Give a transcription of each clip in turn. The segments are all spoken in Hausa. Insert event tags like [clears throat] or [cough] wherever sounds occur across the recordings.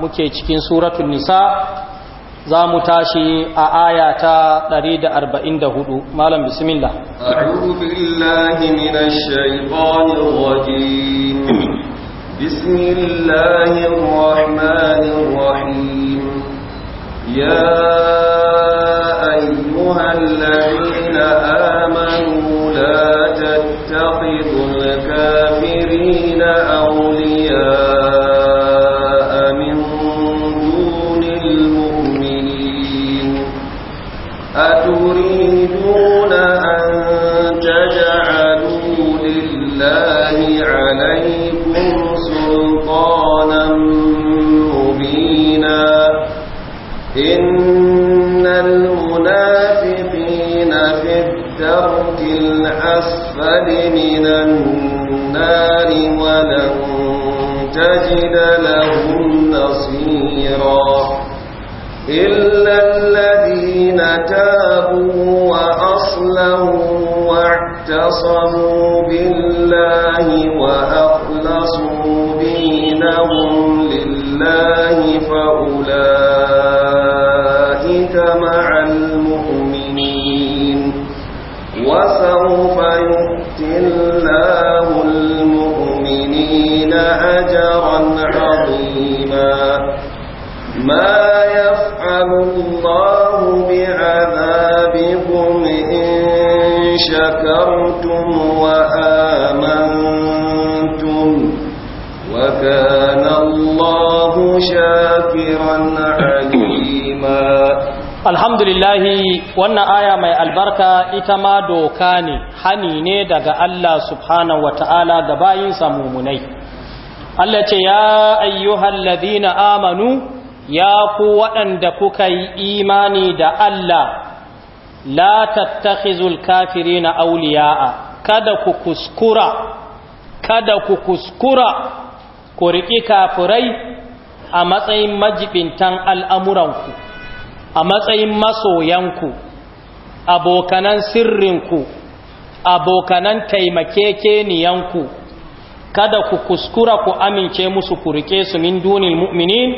muke cikin suratul nisa za mu tashi a aya ta 144 malam bismillah a'udhu billahi minash shaitanir rajim bismillahir rahmanir rahim ya ayyuhal amanu la tattakhidul kafirina awliya سلطانا مبينا إن المنافقين في الدرك الأسفل من النار ولن تجد لهم نصيرا إلا الذين تابوا وأصلوا وعلموا اعتصموا بالله وأخلصوا دينهم لله فأولئك مع المؤمنين وسوف يؤتي الله المؤمنين أجرا عظيما ما يفعل الله شكرتم وآمنتم Alhamdulillahi wannan aya mai albarka ita ma doka ne, hani ne daga Allah subhanahu wa ta'ala ga bayinsa mummunai. Allah ce, Ya ayyuhallazina amanu, ya ku waɗanda kuka yi imani da Allah la tattakhizul kafirina awliya'a kada ku kuskura kada ku kuskura ku riki kafirai a matsayin majibintan al'amuranku a matsayin masoyanku abokanan sirrinku abokanan taimakekeniyanku kada ku kuskura ku amince musu ku riƙe su min dunil mu'minin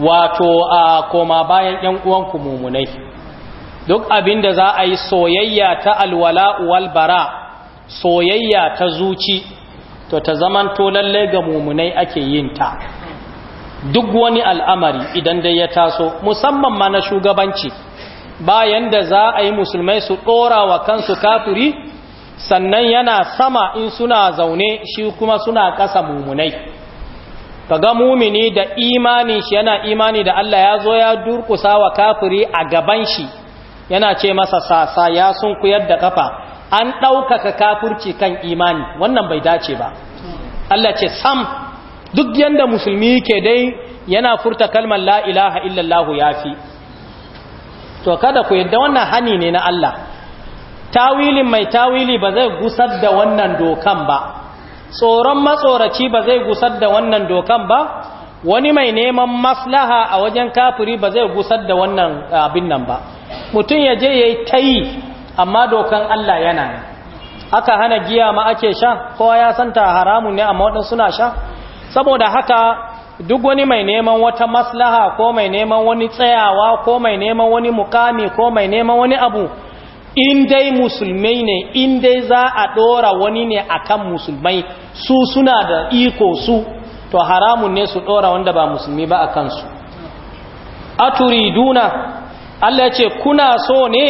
wato a koma bayan ‘yan uwanku mumunai’ duk abin da za a yi soyayya ta alwala uwalbara soyayya ta zuci to ta zaman lalle ga mumunai ake yin ta duk wani al'amari idan dai ya taso musamman ma na shugabanci bayan da za a yi musulmai su ɗora wa kansu kafiri sannan yana sama in suna zaune shi kuma suna ƙasa mumunai ga mumini da imani shi yana imani da Allah ya zo ya durkusa wa kafiri a gaban shi yana ce masa sasa ya sun kuyar da kafa an ɗaukaka kafurci kan imani wannan bai dace ba Allah ce sam duk yanda musulmi ke dai yana furta kalmar la ilaha ya fi to kada ku yadda wannan hani ne na Allah tawilin mai tawili ba zai gusar da wannan dokan ba tsoron matsoraci ba zai gusar da wannan dokan ba wani mai neman maslaha a wajen kafiri ba zai gusar da wannan eh, abin nan ba mutum ya je ya yi ta yi amma dokan Allah yana aka hana giya ma ake sha kowa ya santa haramun ne amma waɗansu suna sha saboda haka duk wani mai neman wata maslaha ko mai neman wani tsayawa ko mai neman wani mukami ko mai neman wani abu in dai musulmai ne in dai za a ɗora wani ne akan musulmai su suna da iko su to haramun ne su ɗora wanda ba musulmi ba a kansu A aturiduna Allah ya ce kuna so ne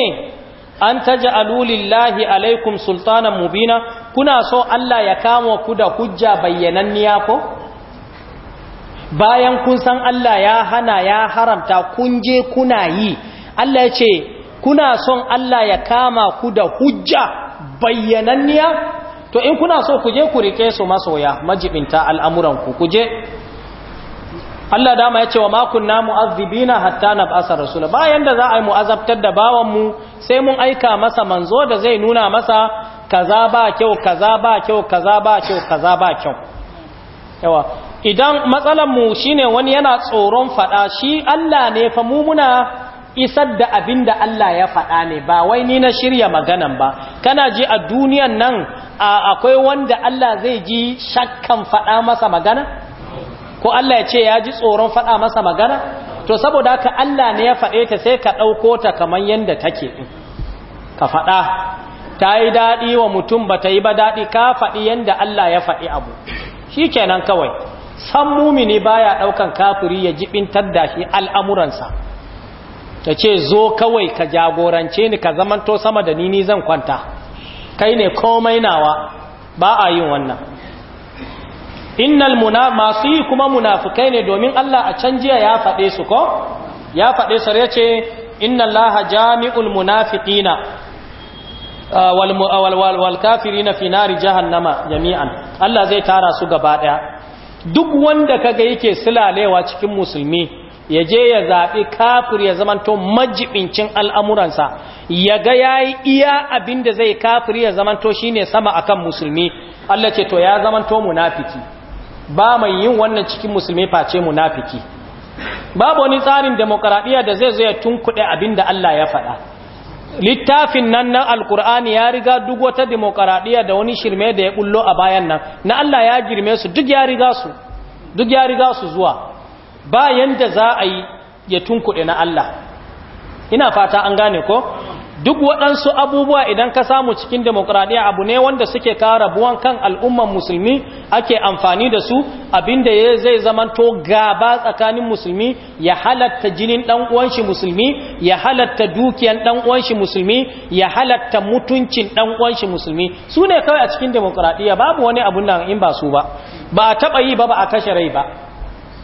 an taja alulillahi alaikum sultanan mubina kuna so Allah ya kama ku da hujja bayyananniya ko bayan kun san Allah ya hana ya haramta kun je kuna yi Allah ya ce kuna son Allah ya kama ku da hujja bayyananniya to in kuna so ku je ku rike su masoya majibinta al'amuran ku ku je Allah dama ya ce wa makunna mu'azzibina hatta nab'asa rasula bayan da za a yi mu'azabtar da bawan mu sai mun aika masa manzo da zai nuna masa kaza ba kyau kaza ba kyau kaza ba kyau kaza ba kyau yawa idan matsalan mu shine wani yana tsoron fada shi Allah ne fa mu muna isar da abin da Allah ya faɗa ne ba wai ni na shirya maganan ba kana ji a duniyan nan akwai wanda Allah zai ji shakkan faɗa masa magana ko Allah ya ce ya ji tsoron faɗa masa magana to saboda haka Allah ne ya faɗe ta sai ka ɗauko ta kamar yadda take ka faɗa ta yi daɗi wa mutum ba ta yi ba daɗi ka faɗi yadda Allah ya faɗi abu shi kenan kawai san mumini baya ɗaukan kafiri ya jibintar da shi al'amuransa ta ce zo kawai ka jagorance ni ka zamanto sama da ni zan kwanta kai ne komai nawa ba a yin wannan innal masu yi kuma munafukai ne domin Allah a can jiya ya faɗe su ko ya faɗe su ya ce innal laha jami'ul munafiqina wal wal wal kafirina fi nari jahannama jami'an Allah zai tara su gaba daya duk wanda kaga yake silalewa cikin musulmi ya je ya zaɓi kafir ya zamanto majibincin al'amuransa ya ga ya yi iya abin da zai kafir ya zamanto shi ne sama akan musulmi Allah ce to ya zamanto munafiki ba mai yin wannan cikin musulmi face munafiki babu wani tsarin demokaradiyya da zai zo ya tunkuɗe abin da Allah ya faɗa littafin nan na alkur'ani ya riga duk wata demokaradiyya da wani shirme da ya bullo a bayan nan na Allah ya girme su duk ya riga su duk ya riga su zuwa Bayan da za a yi ya tunkuɗe na Allah ina fata an gane ko duk waɗansu abubuwa idan ka samu cikin demokradiyya abu ne wanda suke kara buwan kan al'umman musulmi ake amfani da su abinda ya zai zamanto gaba tsakanin musulmi ya halatta jinin ɗan uwanshi musulmi ya halatta dukiyan ɗan uwanshi musulmi ya halatta mutuncin ɗan uwanshi musulmi su ne kawai a cikin demokradiyya babu wani abun nan in ba su ba ba a taɓa yi ba ba a kashe rai ba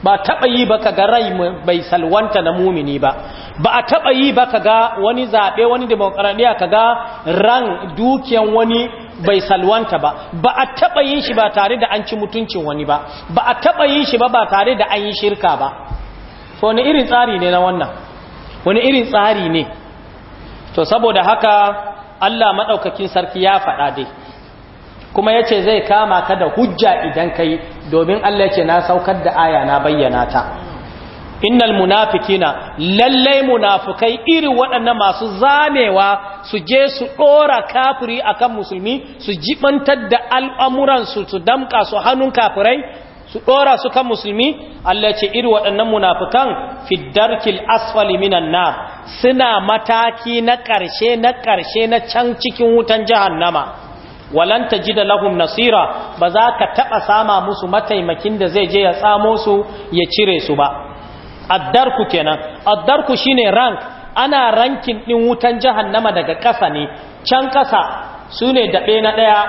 ba taɓa yi ba ka ga rai bai salwanta na mumini ba ba a taɓa yi ba ka ga wani zaɓe wani demokaraɗiya ka ga ran dukiyan wani bai salwanta ba ba a taɓa yin shi ba tare da an ci mutuncin wani ba ba a taɓa yin shi ba ba tare da an yi shirka ba to wani irin tsari ne na wannan wani irin tsari ne to saboda haka Allah maɗaukakin sarki ya faɗa dai kuma yace zai kama ka da hujja idan ka domin Allah ce na saukar da aya na bayyana ta innal munafikina lallai munafikai iri waɗannan masu zamewa su je su ɗora kafiri akan musulmi su jibantar da al'amuransu su damƙa su hannun kafirai su ɗora su kan musulmi Allah ce iri waɗannan munafukan fiddarkil asfali minan na suna mataki na ƙarshe na ƙarshe na can cikin wutan jahannama walan da lahum nasira ba za ka taɓa sama musu mataimakin da zai je ya tsamo su ya cire su ba addarku kenan addarku shine rank ana rankin din wutan jahannama daga ƙasa ne can ƙasa su ne daɓe na ɗaya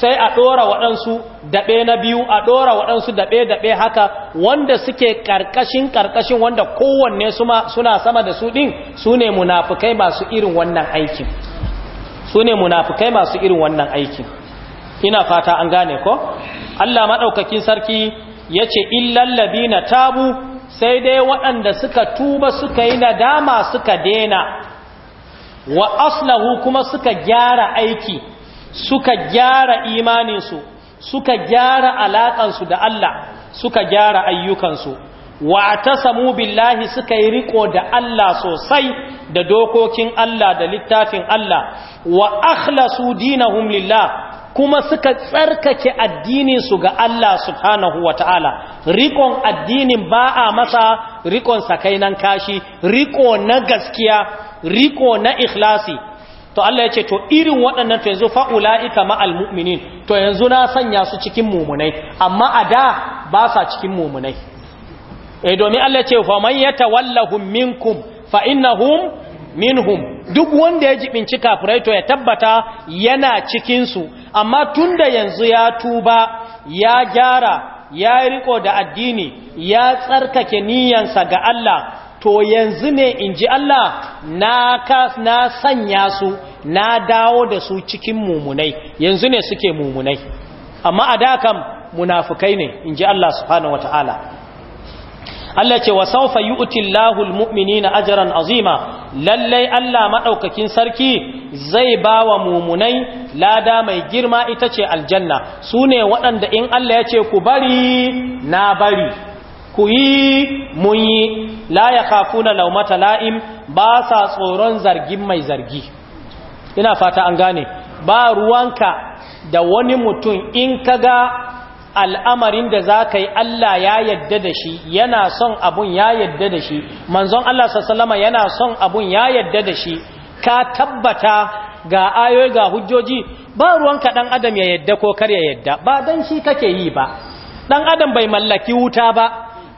sai a ɗora waɗansu daɓe na biyu a ɗora waɗansu daɓe-daɓe haka wanda suke ƙarƙashin ƙarƙashin wanda kowanne suna sama da su ɗin su ne munafukai masu irin wannan aikin su ne munafukai masu irin wannan aiki. ina fata an gane ko Allah maɗaukakin sarki ya ce illallabi na tabu sai dai waɗanda suka tuba suka yi nadama suka dena wa aslahu kuma suka gyara aiki suka gyara imaninsu suka gyara alaƙansu da Allah suka gyara ayyukansu wa samu billahi suka yi riko da Allah sosai da dokokin Allah da littafin Allah wa akhlasu dinahum lillah kuma suka tsarkake addinin su ga Allah subhanahu ta'ala? rikon addinin ba a masa rikon sakainan kashi riko na gaskiya riko na ikhlasi to Allah ya ce to irin waɗannan to yanzu fa'ula'ika ma'al mu'minin to yanzu na sanya su cikin mumunai amma a da ba sa cikin mumunai eh domin Allah ce fa man yatawallahum minkum fa innahum minhum duk wanda ya jibinci kafirai to ya tabbata yana cikin su amma tunda yanzu ya tuba ya gyara ya riko da addini ya tsarkake niyyansa ga Allah to yanzu ne in ji Allah na kas na sanya su na dawo da su cikin mumunai yanzu ne suke mumunai amma a da kam munafukai ne in ji Allah subhanahu wataala Allah ce wa saufa yu'tillahu almu'minina ajran azima lallai Allah madaukakin sarki zai bawa mumunai lada mai girma ita ce aljanna sune waɗanda in Allah ya ce ku bari na bari ku yi mun yi la yakhafuna laumata la'im ba sa tsoron zargin mai zargi ina fata an gane ba ruwanka da wani mutum in kaga al'amarin da za ka yi Allah ya yadda da shi yana son abun ya yadda da shi manzon Allah sassalama yana son abun ya yadda da shi ka tabbata ga ayoyi ga hujjoji ba ruwan ɗan adam ya yadda ko kar ya yadda ba don shi kake yi ba ɗan adam bai mallaki wuta ba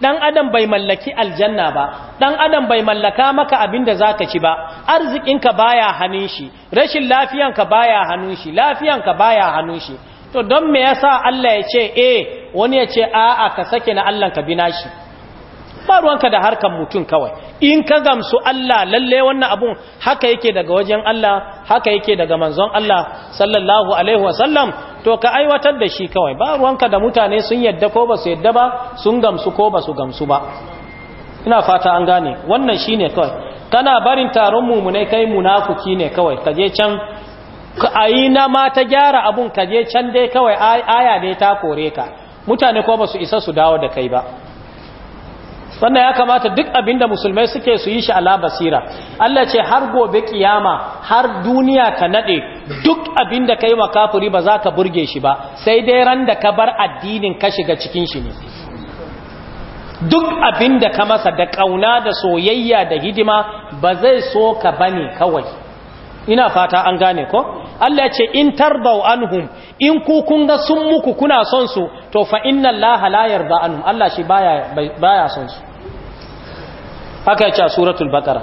ɗan adam bai mallaki aljanna ba ɗan adam bai mallaka maka abin da za ka ci ba arzikinka baya hannun shi rashin lafiyanka baya hannun shi lafiyanka baya hannun shi to don me yasa Allah ya ce e, wani ya ce a'a ka sake na Allah ka bina shi ba ruwanka da harkan mutum kawai in ka gamsu Allah lalle wannan abun haka yake daga wajen Allah haka yake daga manzon Allah sallallahu alaihi wasallam to ka aiwatar da shi kawai ba ruwanka da mutane sun yadda ko ba su yadda ba sun gamsu ko ba su gamsu ba ina fata an gane wannan shine kawai kana barin taron mumunai kai munafuki ne kawai ka je can a yi na ma ta gyara abun ka je can dai kawai aya ne ta kore ka mutane ko ba su isa su dawo da kai ba sannan ya kamata duk abinda musulmai suke su yi shi ala basira Allah ce har gobe kiyama har duniya ka nade duk abin da kai makafiri ba za ka burge shi ba sai dai ran da ka bar addinin ka shiga cikin shi ne duk abin da ka masa da kauna da soyayya da hidima ba zai so ka bane kawai ina fata an gane ko Allah ce in tarbau anhum in ku kun ga sun muku kuna son su to fa inna Allah la yarda anhum Allah shi baya baya son su haka yace suratul baqara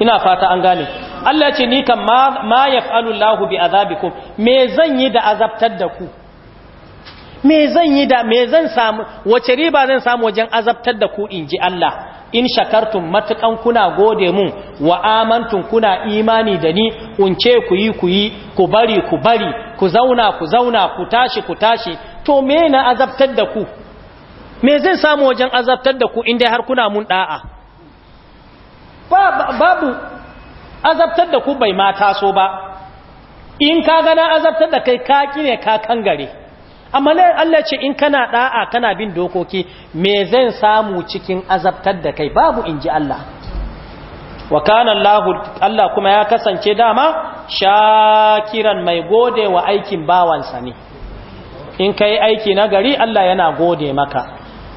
ina fata an gane Allah ce ni kan ma, ma yaf'alu Allah bi azabikum me zan yi da azabtar da ku me zan yi da me zan samu wace riba zan samu wajen azabtar da ku in Allah in shakartum matukan kuna gode mun wa amantum kuna imani da ni unce ku yi ku yi ku bari ku bari ku zauna ku zauna ku tashi ku tashi to me na azabtar da ku me zan samu wajen azabtar da ku in har kuna mun da'a babu azabtar da ku bai mata so ba in ka gana azabtar da kai ka kine ka kangare amma Allah ce in kana da'a kana bin dokoki me zan samu cikin azabtar da kai babu inji Allah wa kana Allah Allah kuma ya kasance dama shakiran mai gode wa aikin bawansa ne in kai aiki na gari Allah yana gode maka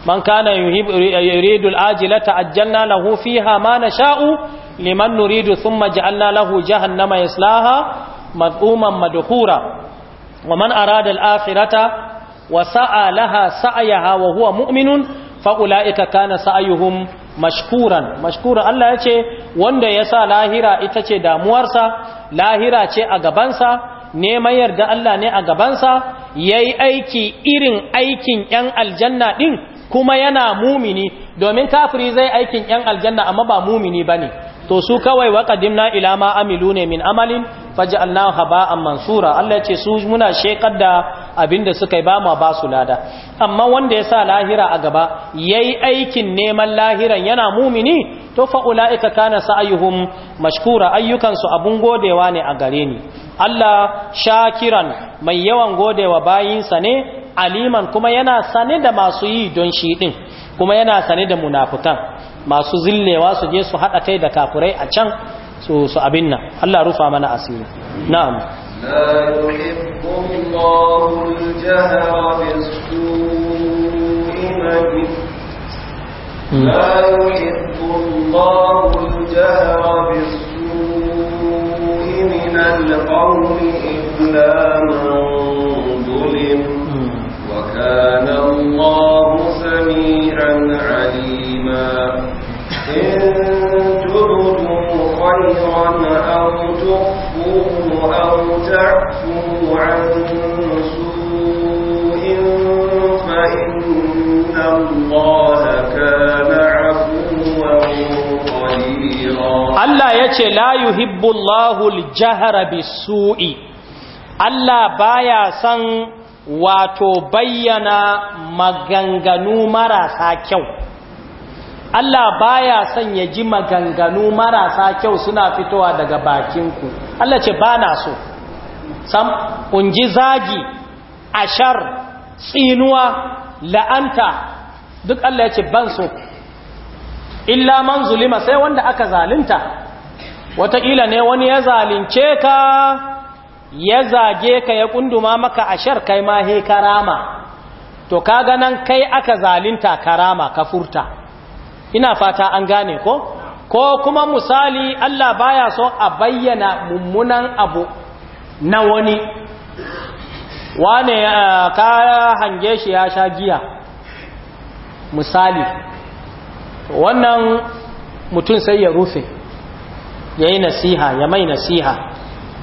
man kana yuridu al-ajilata ajjalna lahu fiha ma nasha'u liman nuridu thumma ja'alna lahu jahannama yaslaha mad'uman madhura wa man arada al-akhirata wa sa'a laha sa'yaha huwa mu'minun fa'ula ita kana sa'yuhum mashkuran mashkura Allah ya ce wanda yasa lahira ita ce damuwarsa lahira ce a gabansa neman da Allah ne a gabansa ya yi aiki irin aikin ‘yan aljanna ɗin kuma yana mumini domin kafiri zai aikin ‘yan aljanna amma ba mumini ba ne to su kawai waƙadim na ilama amilu ne min amalin faj'alna haba'an mansura Allah yace su muna shekar da abinda suka yi ba ma ba su lada amma wanda ya sa lahira a gaba yayi aikin neman lahiran yana mumini to fa ulaika kana sa'ayuhum mashkura ayyukan su abun godewa ne a gare ni Allah shakiran mai yawan godewa bayinsa ne aliman kuma yana sane da masu yi don shi din kuma yana sane da munafukan masu zillewa su je su haɗa kai da kafurai a can su su abin nan Allah rufa mana asiri na'am la yuhibbu Allahu al-jahra bis-su'i la yuhibbu Allahu al-jahra bis-su'i min al-qawli illa man zulim wa kana Allahu sami'an 'alima in خيرا أو تخفوه أو تعفو عن سوء فإن الله كان عفوا قديرا الله يتي لا يحب الله الجهر بالسوء الله بايا سن wato bayyana maganganu marasa kyau Allah baya son ya ji maganganu marasa kyau suna fitowa daga bakinku Allah ce ba na so sam unji zagi ashar tsinuwa la'anta duk Allah ya ce ban so illa man zulima sai wanda aka zalunta wataƙila ne wani ya zalunce ka ya zage ka ya ƙunduma maka ashar kai ma he karama to kaga nan kai aka zalunta karama ka furta ina fata an gane ko ko kuma misali Allah baya so a bayyana mummunan abu na wani wane eh, ka hange shi ya sha giya misali wannan mutum sai ya rufe ya yi nasiha ya mai nasiha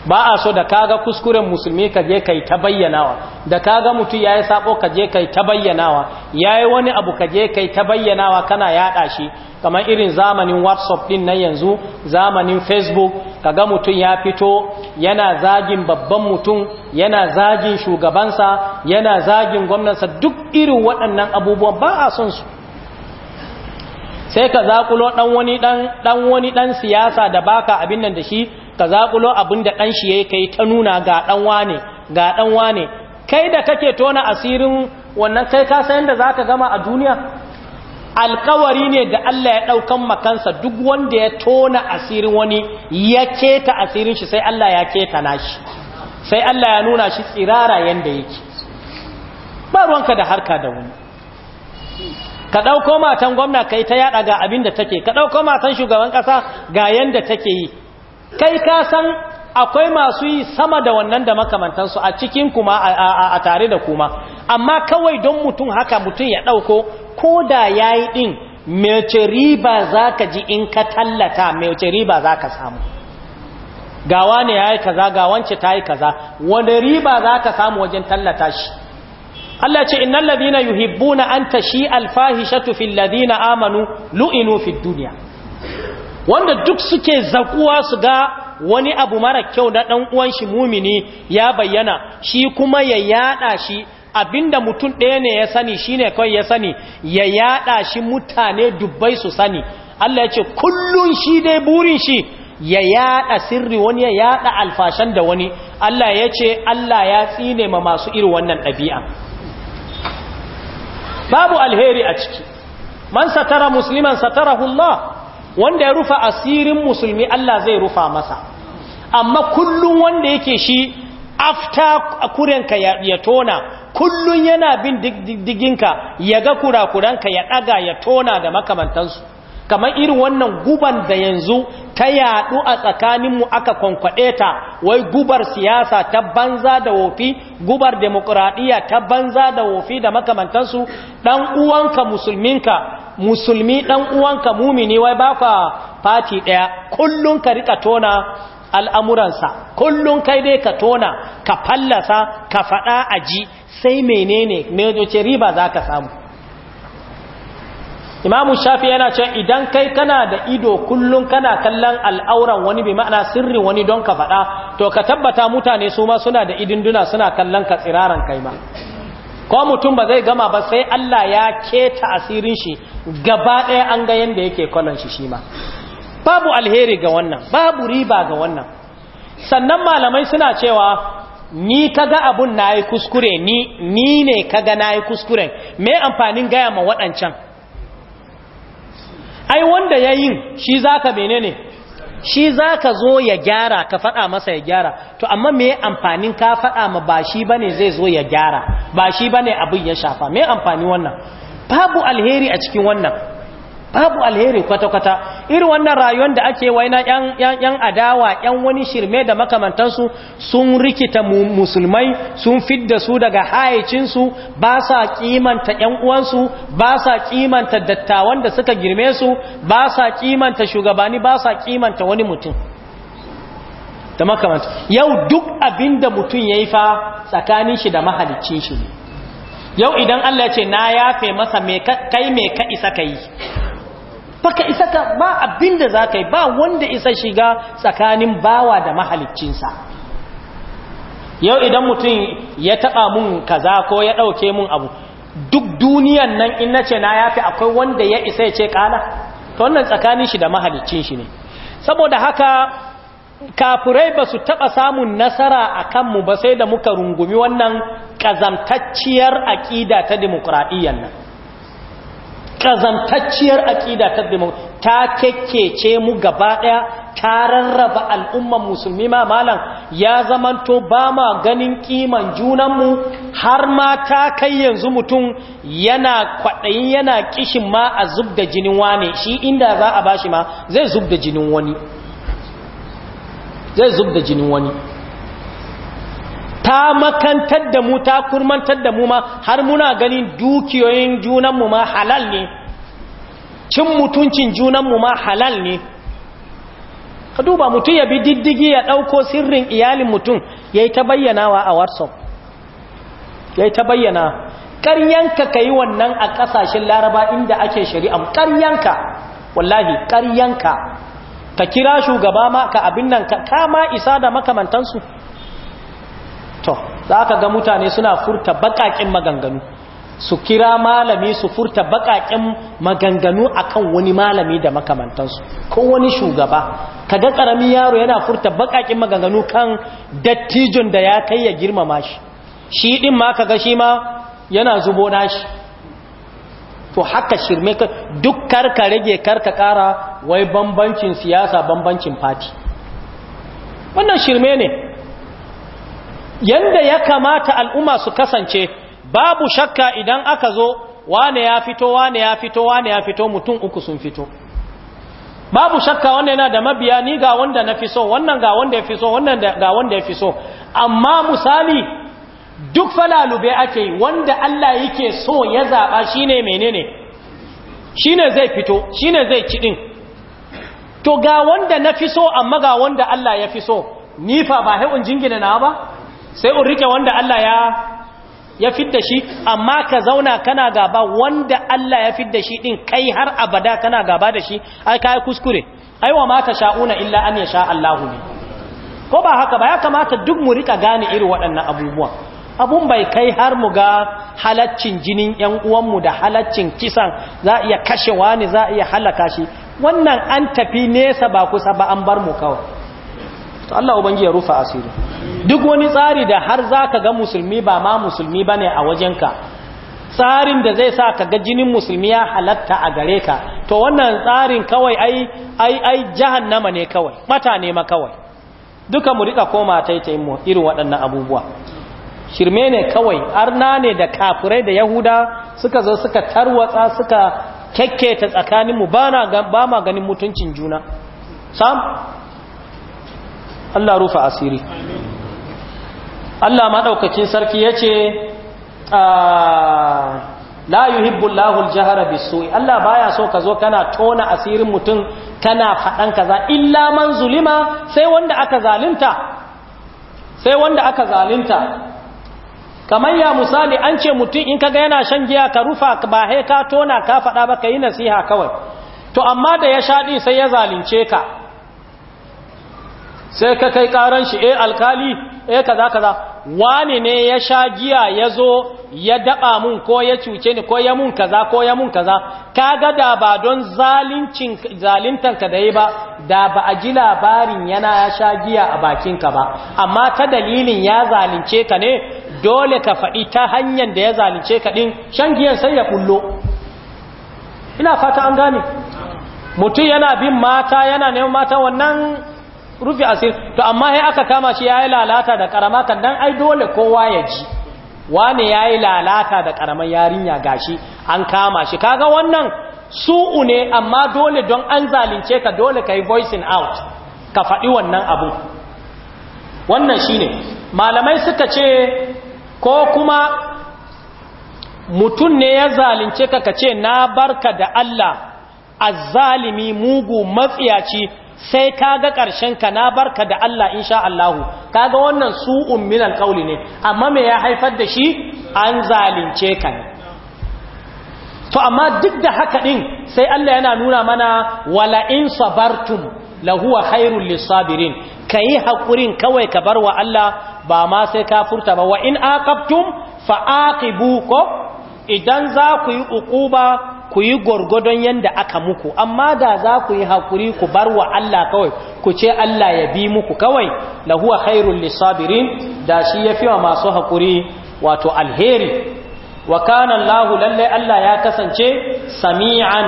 ba a so da kaga kuskuren musulmi ka je kai ta bayyanawa da kaga mutu yayi sabo ka je kai ta bayyanawa yayi wani abu ka je kai ta bayyanawa kana yada shi kamar irin zamanin WhatsApp din nan yanzu zamanin Facebook kaga mutum ya fito yana zagin babban mutum yana zagin shugabansa yana zagin gwamnansa duk irin waɗannan abubuwan ba a son su sai ka zakulo dan wani ɗan siyasa da baka abin nan da shi ka zaƙulo abin da ɗanshi ya yi ka ta nuna ga ɗanwa ne ga ɗanwa ne kai da kake tona asirin wannan kai ka sayan za ka gama a duniya alkawari ne da Allah ya ɗaukan makansa duk wanda ya tona asirin wani ya keta asirin shi sai Allah ya keta nashi sai Allah ya nuna shi tsirara yadda yake ba ruwanka da harka da wani ka ɗauko matan gwamna kai ta yaɗa ga abin da take ka ɗauko matan shugaban ƙasa ga yadda take yi kai ka san akwai masu yi sama da wannan da makamantansu a cikin kuma a tare da kuma amma kawai don mutum haka mutum ya ɗauko ko da ya yi ɗin mece riba za ka ji in ka tallata mece riba za ka samu gawa ne ya yi kaza gawance ta yi kaza wanda riba za ka samu wajen tallata shi Allah ce innal ladina yuhibbuna an tashi alfahishatu fil ladina amanu lu'inu fid dunya wanda duk suke zakuwa su ga wani abu mara kyau na dan uwan shi mumini ya bayyana shi kuma ya yada shi abinda mutum ɗaya ne ya sani shine kai ya sani ya yada shi mutane dubbai su sani Allah ya ce kullun shi dai burin shi ya yada sirri wani ya yada alfashan da wani Allah ya ce Allah ya tsine ma masu irin wannan ɗabi'a babu alheri a ciki man satara musliman satarahu Allah wanda ya rufa asirin musulmi Allah zai rufa masa amma kullum wanda yake shi afta kurenka ya tona kullum yana bin diddiginka ya ga kurakuranka ya ɗaga ya tona da makamantansu kamar irin wannan guban da yanzu ta yadu a tsakaninmu aka kwankwaɗe ta wai gubar siyasa ta banza da wofi gubar demokuraɗiyya ta banza da wofi da makamantansu dan uwanka musulminka musulmi dan uwanka mumini wai ba ka fati daya Kullum ka rika tona al'amuransa kullun kai dai ka tona ka fallasa ka fada ji. sai menene me ce riba ka samu imamu shafi yana ce idan kai kana da ido kullum kana kallon al'auran wani bi ma'ana sirrin wani don ka faɗa to ka tabbata mutane su ma suna da idinduna suna kallon ka tsiraran kai ma ko mutum ba zai gama ba sai Allah ya keta asirin shi gaba ɗaya an ga yadda yake kwallon shi shi ma babu alheri ga wannan babu riba ga wannan sannan malamai suna cewa ni kaga abun na yi kuskure ni ni ne kaga na yi kuskure me amfanin gaya ma waɗancan ai wanda ya yin shi zaka menene shi za ka zo ya gyara ka faɗa masa ya gyara to amma me amfanin ka faɗa ma ba shi ba ne zai zo ya gyara ba shi ba ne abin ya shafa me amfani wannan babu alheri a cikin wannan babu alheri kwata-kwata irin wannan rayuwar da ake waina yan adawa yan wani shirme da makamantansu sun rikita musulmai sun fidda su daga hayacinsu ba sa kimanta yan uwansu ba sa kimanta dattawan da suka girme su ba sa kimanta shugabani ba sa kimanta wani mutum da makamanta yau duk abinda mutum ya yi fa tsakanin shi da mahalicin shi ne yau idan Allah ce na yafe masa kai me ka isa ka yi baka isa ka ba abinda za ka yi ba wanda isa shiga tsakanin bawa da mahalicinsa yau idan mutum ya taɓa mun kaza ko ya ɗauke mun abu duk duniyan nan in na ce na yafi akwai wanda ya isa ya ce ƙala ta wannan tsakanin shi da mahaliccin shi ne saboda haka kafurai ba su taɓa samun nasara a kanmu ba sai da muka rungumi wannan ƙazamtacciyar aƙida ta dimokuraɗiyyar nan ƙazamtacciyar aƙida ta ta kekkece mu gaba ɗaya ta rarraba al'umman musulmi ma malam ya zamanto ba ma ganin ƙiman junanmu har ma ta kai yanzu mutum yana kwaɗayin yana ƙishin ma a zub da jinin wane shi inda za a bashi ma zai zub da jinin wani zai zub da jinin wani ta makantar da mu ta kurmantar da mu ma har muna ganin dukiyoyin junanmu ma halal ne cin mutuncin junanmu ma halal ne ka duba mutum ya bi diddigi ya ɗauko sirrin iyalin mutum ya yi ta bayyanawa a whatsapp ya yi ta bayyana ƙaryanka ka yi wannan a ƙasashen laraba inda ake shari'a ƙaryanka wallahi ƙaryanka ka kira shugaba ma ka abin nan ka kama isa da makamantansu to za ka ga mutane suna furta baƙaƙen maganganu su kira malami su furta baƙaƙen maganganu akan wani malami da makamantansu ko wani shugaba ka kaga karamin yaro yana furta baƙaƙen maganganu kan dattijon da ya kai ya girmama shi shi ɗin ma kaga shi ma yana zubo nashi to haka shirme ka duk karka rage karka ƙara wai bambancin siyasa bambancin fati wannan shirme ne yanda ya kamata al'umma su kasance babu shakka idan aka zo wane ya fito wane ya fito wane ya fito mutum uku sun fito babu shakka wannan yana da mabiya ni ga wanda na fi so wannan ga wanda ya fi so wannan ga wanda ya fi so amma misali duk falalube ake wanda Allah yake so ya zaba shine menene shine zai fito shine zai kidin to ga wanda na fi so amma ga wanda Allah ya fi so ni fa ba haƙun jingina na ba sai in rike wanda Allah ya ya fidda shi amma ka zauna kana gaba wanda Allah ya fidda shi din kai har abada kana gaba da shi ai kai kuskure ai wa ma sha'una illa an ya sha Allahu ne ko ba haka ba ya kamata duk mu rika gane irin waɗannan abubuwa abun bai kai har mu ga halaccin jinin ƴan uwanmu da halaccin kisan za iya kashe wani za iya halaka shi wannan an tafi nesa ba kusa ba an bar mu kawai to Allah ubangi ya rufa asiri duk wani tsari da har za ka ga musulmi ba ma musulmi ba ne a wajenka tsarin da zai sa ka ga jinin musulmi ya halatta a gare ka to wannan tsarin kawai ai ai ai jahannama ne kawai mata ne ma kawai duka mu rika koma taitayin mu irin waɗannan abubuwa shirme ne kawai arna ne da kafirai da yahuda suka zo suka tarwatsa suka tsakanin tsakaninmu ba ma ganin mutuncin juna sam Allah rufa asiri Allah maɗaukacin sarki ya ce ah, la yuhibbullahu aljahara bisu'i Allah baya so ka zo kana tona asirin mutum kana faɗan kaza illa man zulima sai wanda aka zalunta sai wanda aka zalunta kamar ya misali an ce mutum in kaga yana shan giya ka rufa ba he ka tona ka faɗa ba ka yi nasiha kawai to amma da ya shaɗi sai ya zalunce ka sai ka kai ƙaran shi eh alkali eh kaza kaza wani ne ya sha giya ya zo ya daɓa mun ko ya cuce ni ko ya mun kaza ko ya mun kaza ka ga da ba don zalintanka da yi ba da ba a ji labarin yana ya sha giya a bakinka ba amma ta dalilin ya zalince ka ne dole ka faɗi ta hanyar da ya zalince ka ɗin shan giyan sai ya kullo ina fata an gane mutum yana bin mata yana neman mata wannan rufe asiri to amma sai aka kama shi ya yi lalata da karama kan dan ai dole kowa ya ji wane yayi lalata da karaman yarinya gashi an kama shi kaga wannan su'u ne amma dole don an zalunce ka dole kai voicing out ka faɗi wannan abu wannan shine malamai suka ce ko kuma mutum ne ya zalunce ka ka ce na barka da Allah zalimi mugu matsiyaci sai ka ga ƙarshen ka na barka da Allah insha Allahu ga wannan su'un min alqauli ne amma me ya haifar da shi an zalunce ka ne to amma duk da haka din sai Allah yana nuna mana wala in sabartum lahuwa khairul lisabirin kayi hakurin kawai ka bar wa Allah ba ma sai ka furta ba wa in aqabtum fa aqibu ko idan za ku yi uquba ku yi gwargwadon yadda aka muku amma da za ku yi haƙuri ku bar wa Allah kawai ku ce Allah ya bi muku kawai la huwa khairul da shi ya fi wa masu haƙuri wato alheri wa lahu lallai Allah ya kasance sami'an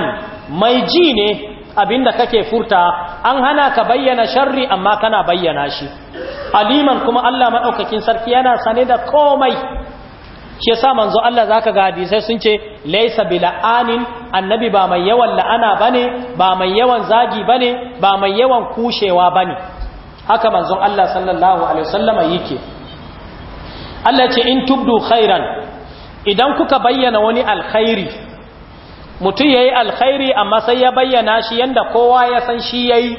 mai ji ne abinda kake furta an hana ka bayyana sharri amma kana bayyana shi aliman kuma Allah maɗaukakin sarki yana sane da komai shi yasa manzo Allah zaka ga hadisai sun ce laysa bila'anin annabi ba mai yawan la'ana bane ba mai yawan zagi bane ba mai yawan kushewa bane haka manzon Allah sallallahu alaihi wasallama yake Allah ce in tubdu khairan idan kuka bayyana wani alkhairi mutum yayi alkhairi amma sai ya bayyana shi yanda kowa ya san shi yayi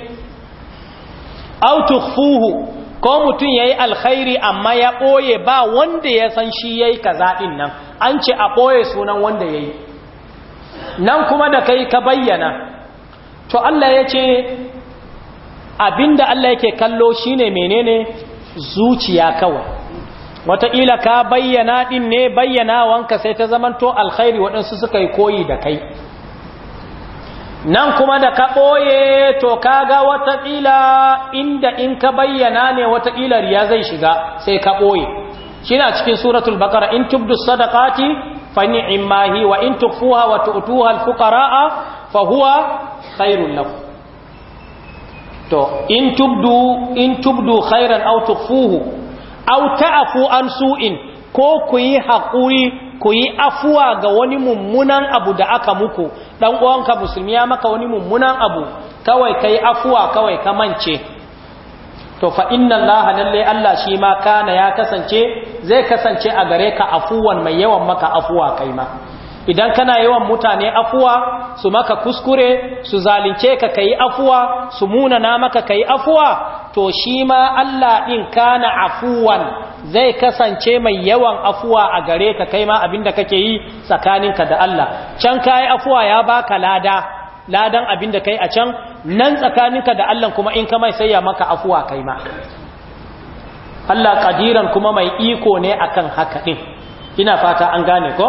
au tukhfuhu ko mutum ya yi alkhairi amma ya ɓoye ba wanda ya san shi ya yi kaza ɗin nan an ce a ɓoye sunan wanda ya yi nan kuma da kai ka bayyana to Allah ya ce abinda Allah yake kallo shine menene zuciya kawai wataƙila ka bayyana ɗin ne bayyana wanka sai ta zamanto alkhairi waɗansu suka yi koyi da kai nan kuma da ka ɓoye to kaga wataƙila inda in ka bayyana ne wataƙila riya zai shiga sai ka ɓoye shi na cikin suratul bakara in tubdu sadaqati fa ni'imma hi wa in tukfuha wa tu'tuha al-fuqara'a fa huwa khairul lakum to in tubdu in tubdu khairan aw tukfuhu aw ta'fu an su'in ko ku yi haƙuri ku yi afuwa ga wani mummunan abu da aka muku ɗan uwanka musulmi ya maka wani mummunan abu kawai ka yi afuwa kawai ka mance to fa inna allaha lalle allah shi ma kana ya kasance zai kasance a gare ka afuwan mai yawan maka afuwa kai ma idan kana yawan mutane afuwa su maka kuskure su zalince ka kai afuwa su munana maka kai afuwa to shi ma Allah din kana afuwan zai kasance mai yawan afuwa a gare ka kai ma abinda kake yi tsakaninka da Allah can kai afuwa ya baka lada ladan abinda kai a can nan tsakaninka da Allah kuma in ka mai sai maka afuwa kai ma Allah kadiran kuma mai iko ne akan haka din ina fata an gane ko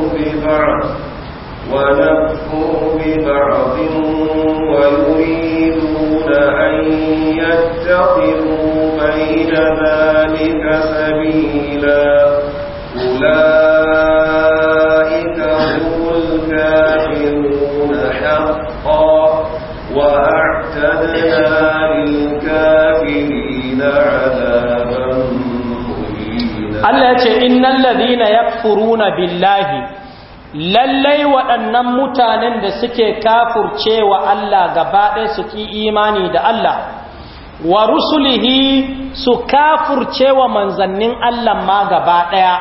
ببعض ونكفر ببعض ويريدون أن يتخذوا بين ذلك سبيلا أولئك هم الكافرون حقا وأعتدنا للكافرين عذابا Allah ya ce innal ladina yakfuruna billahi lallai waɗannan mutanen da suke kafurcewa Allah gaba ɗaya su ki imani da Allah wa rusulihi su kafurcewa manzannin Allah ma gaba ɗaya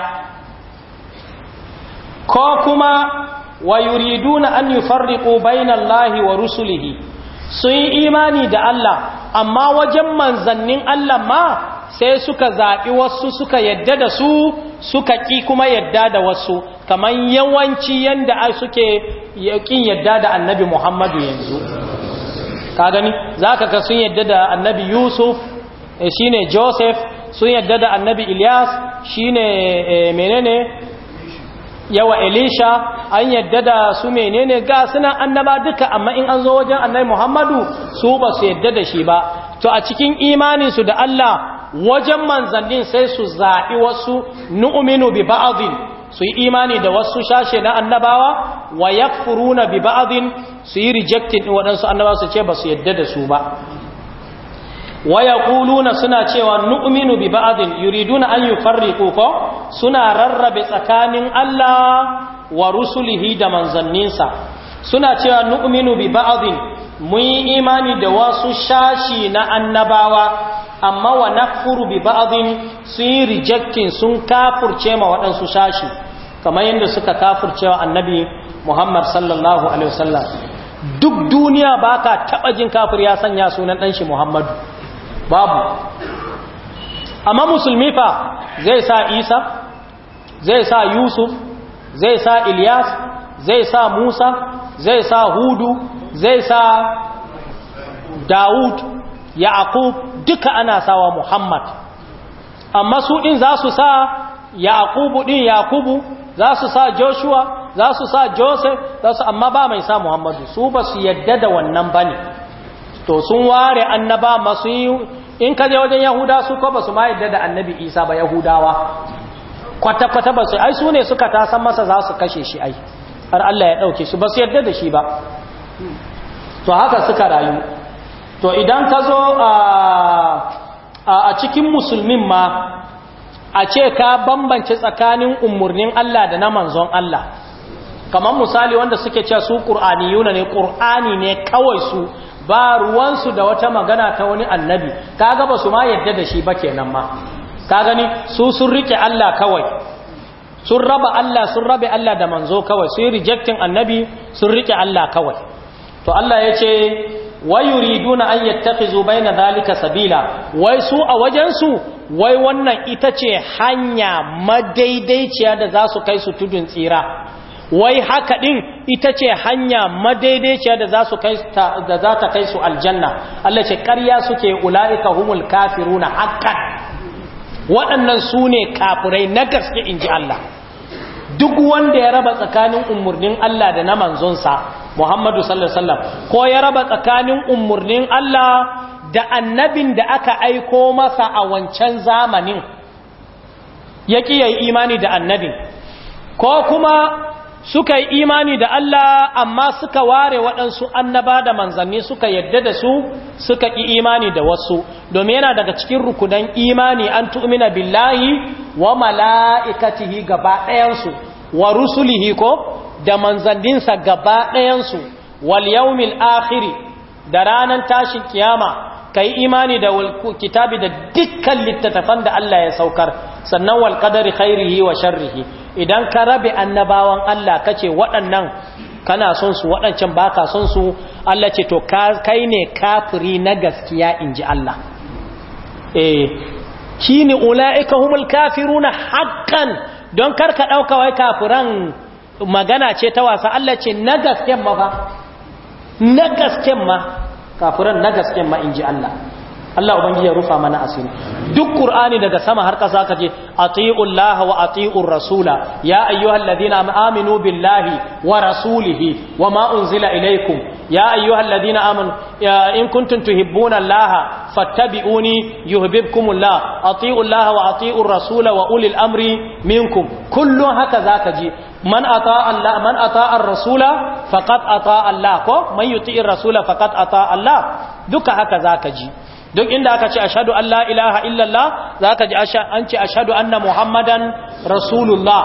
ko kuma wa yuriduna an yufarriqu bainallahi wa rusulihi sun yi imani da Allah amma wajen manzannin Allah ma sai suka zaɓi wasu suka yadda da su suka ƙi kuma yadda da wasu kamar yawanci yadda suke ƙin yadda da annabi muhammadu yanzu ka gani za ka ka sun yadda da annabi yusuf eh, shi ne joseph sun yadda da annabi ilyas shi ne eh, menene yawa elisha an yadda da su menene ga suna annaba duka amma in an zo wajen annabi muhammadu su ba su yadda da shi ba to a cikin imaninsu da allah wajen manzannin sai su zaɓi wasu nu'minu bi ba'adin su yi imani da wasu shashe na annabawa wa yakfuruna bi ba'adin su yi rejectin din waɗansu annabawa su ce ba su yadda da su ba wa yaquluna suna cewa nu'minu bi ba'adin yuriduna an yufarriqu suna rarrabe tsakanin Allah wa rusulihi da manzanninsa suna cewa nu'minu bi ba'adin mun yi imani da wasu shashi na annabawa amma wa nakfuru bi ba'dhin sun rejecting sun kafurce ma waɗansu shashi kamar yadda suka kafurce wa annabi Muhammad sallallahu alaihi wasallam duk duniya baka taɓa jin kafir ya sanya sunan dan shi Muhammadu babu amma musulmi fa zai sa Isa zai sa Yusuf zai sa Ilyas zai sa Musa zai sa Hudu zai sa Dawud Yaqub duka ana sawa muhammad amma su ɗin za su sa yakubu ɗin yakubu za su sa joshua za su sa joseph za su amma ba mai sa muhammadu su ba su yadda da wannan bane ne to sun ware annaba masu in ka je wajen yahuda su ko ba su ma yadda da annabi isa ba yahudawa kwata-kwata ba su ai su ne suka tasa masa za su kashe shi ai har allah ya ɗauke su ba su yadda da shi ba to haka suka rayu to idan ka zo a cikin musulmin ma a ce ka bambance tsakanin umarnin Allah da na manzon Allah kamar misali wanda suke cewa su yuna ne ƙur'ani ne kawai su ba ruwansu da wata magana ta wani annabi Ka ba su ma yadda da shi ba kenan ma ka gani su sun rike Allah kawai sun raba Allah sun rabe Allah da manzo kawai sun rejectin annabi sun rike Allah kawai to Allah ya ce wai yuriduna an yattakhidhu na Zalika sabila wai su a wajensu? wai wannan ita ce hanya madaidaiciya da za su kai su tudun tsira wai haka din ita ce hanya madaidaiciya da za su kai da za ta kai su aljanna Allah ce ƙarya suke ulaika humul kafiruna haqqan waɗannan su ne kafirai na gaske in ji Allah duk wanda ya raba tsakanin umarnin Allah da na manzonsa Muhammadu sallallahu alaihi wasallam ko ya raba tsakanin umarnin Allah da annabin da aka aiko masa a wancan zamanin yaki yayi imani da annabin ko kuma suka yi imani da Allah amma suka ware waɗansu annaba da manzanni suka yadda da su suka ƙi imani da wasu domin yana daga cikin rukunan imani an tu'mina billahi wa mala'ikatihi gaba ɗayansu wa rusulihi ko da manzanninsa gaba ɗayansu wal yawmil akhiri da ranar tashin kiyama kai imani da kitabi da dukkan littattafan da Allah ya saukar sannan wal qadari khairihi wa sharrihi idan ka rabe annabawan Allah ka ce waɗannan kana son su waɗancan ba ka son su Allah ce to kai ne kafiri na gaskiya in ji Allah eh kini ulaika humul kafiruna haqqan don kar ka ɗauka wai kafiran magana ce ta wasa Allah ce na gasken ma fa na gasken ma kafiran na gasken ma ji Allah Allah ubangiji ya rufa mana asiri duk qur'ani daga sama har kasa kaje atiullaha wa atiur rasula ya ayyuhalladhina aminu billahi wa rasulihi wa ma unzila ilaykum ya ayyuhalladhina amanu in kuntum tuhibbuna allaha fattabi'uni yuhibbukumullah atiullaha wa atiur rasula wa ulil amri minkum kullun haka zaka ji man ata Allah man ata ar-rasula faqad ata Allah ko man yuti'ir rasula faqad ata Allah duka haka zaka ji duk inda aka ce ashadu an la ilaha illallah za ka ji an ce ashadu anna muhammadan rasulullah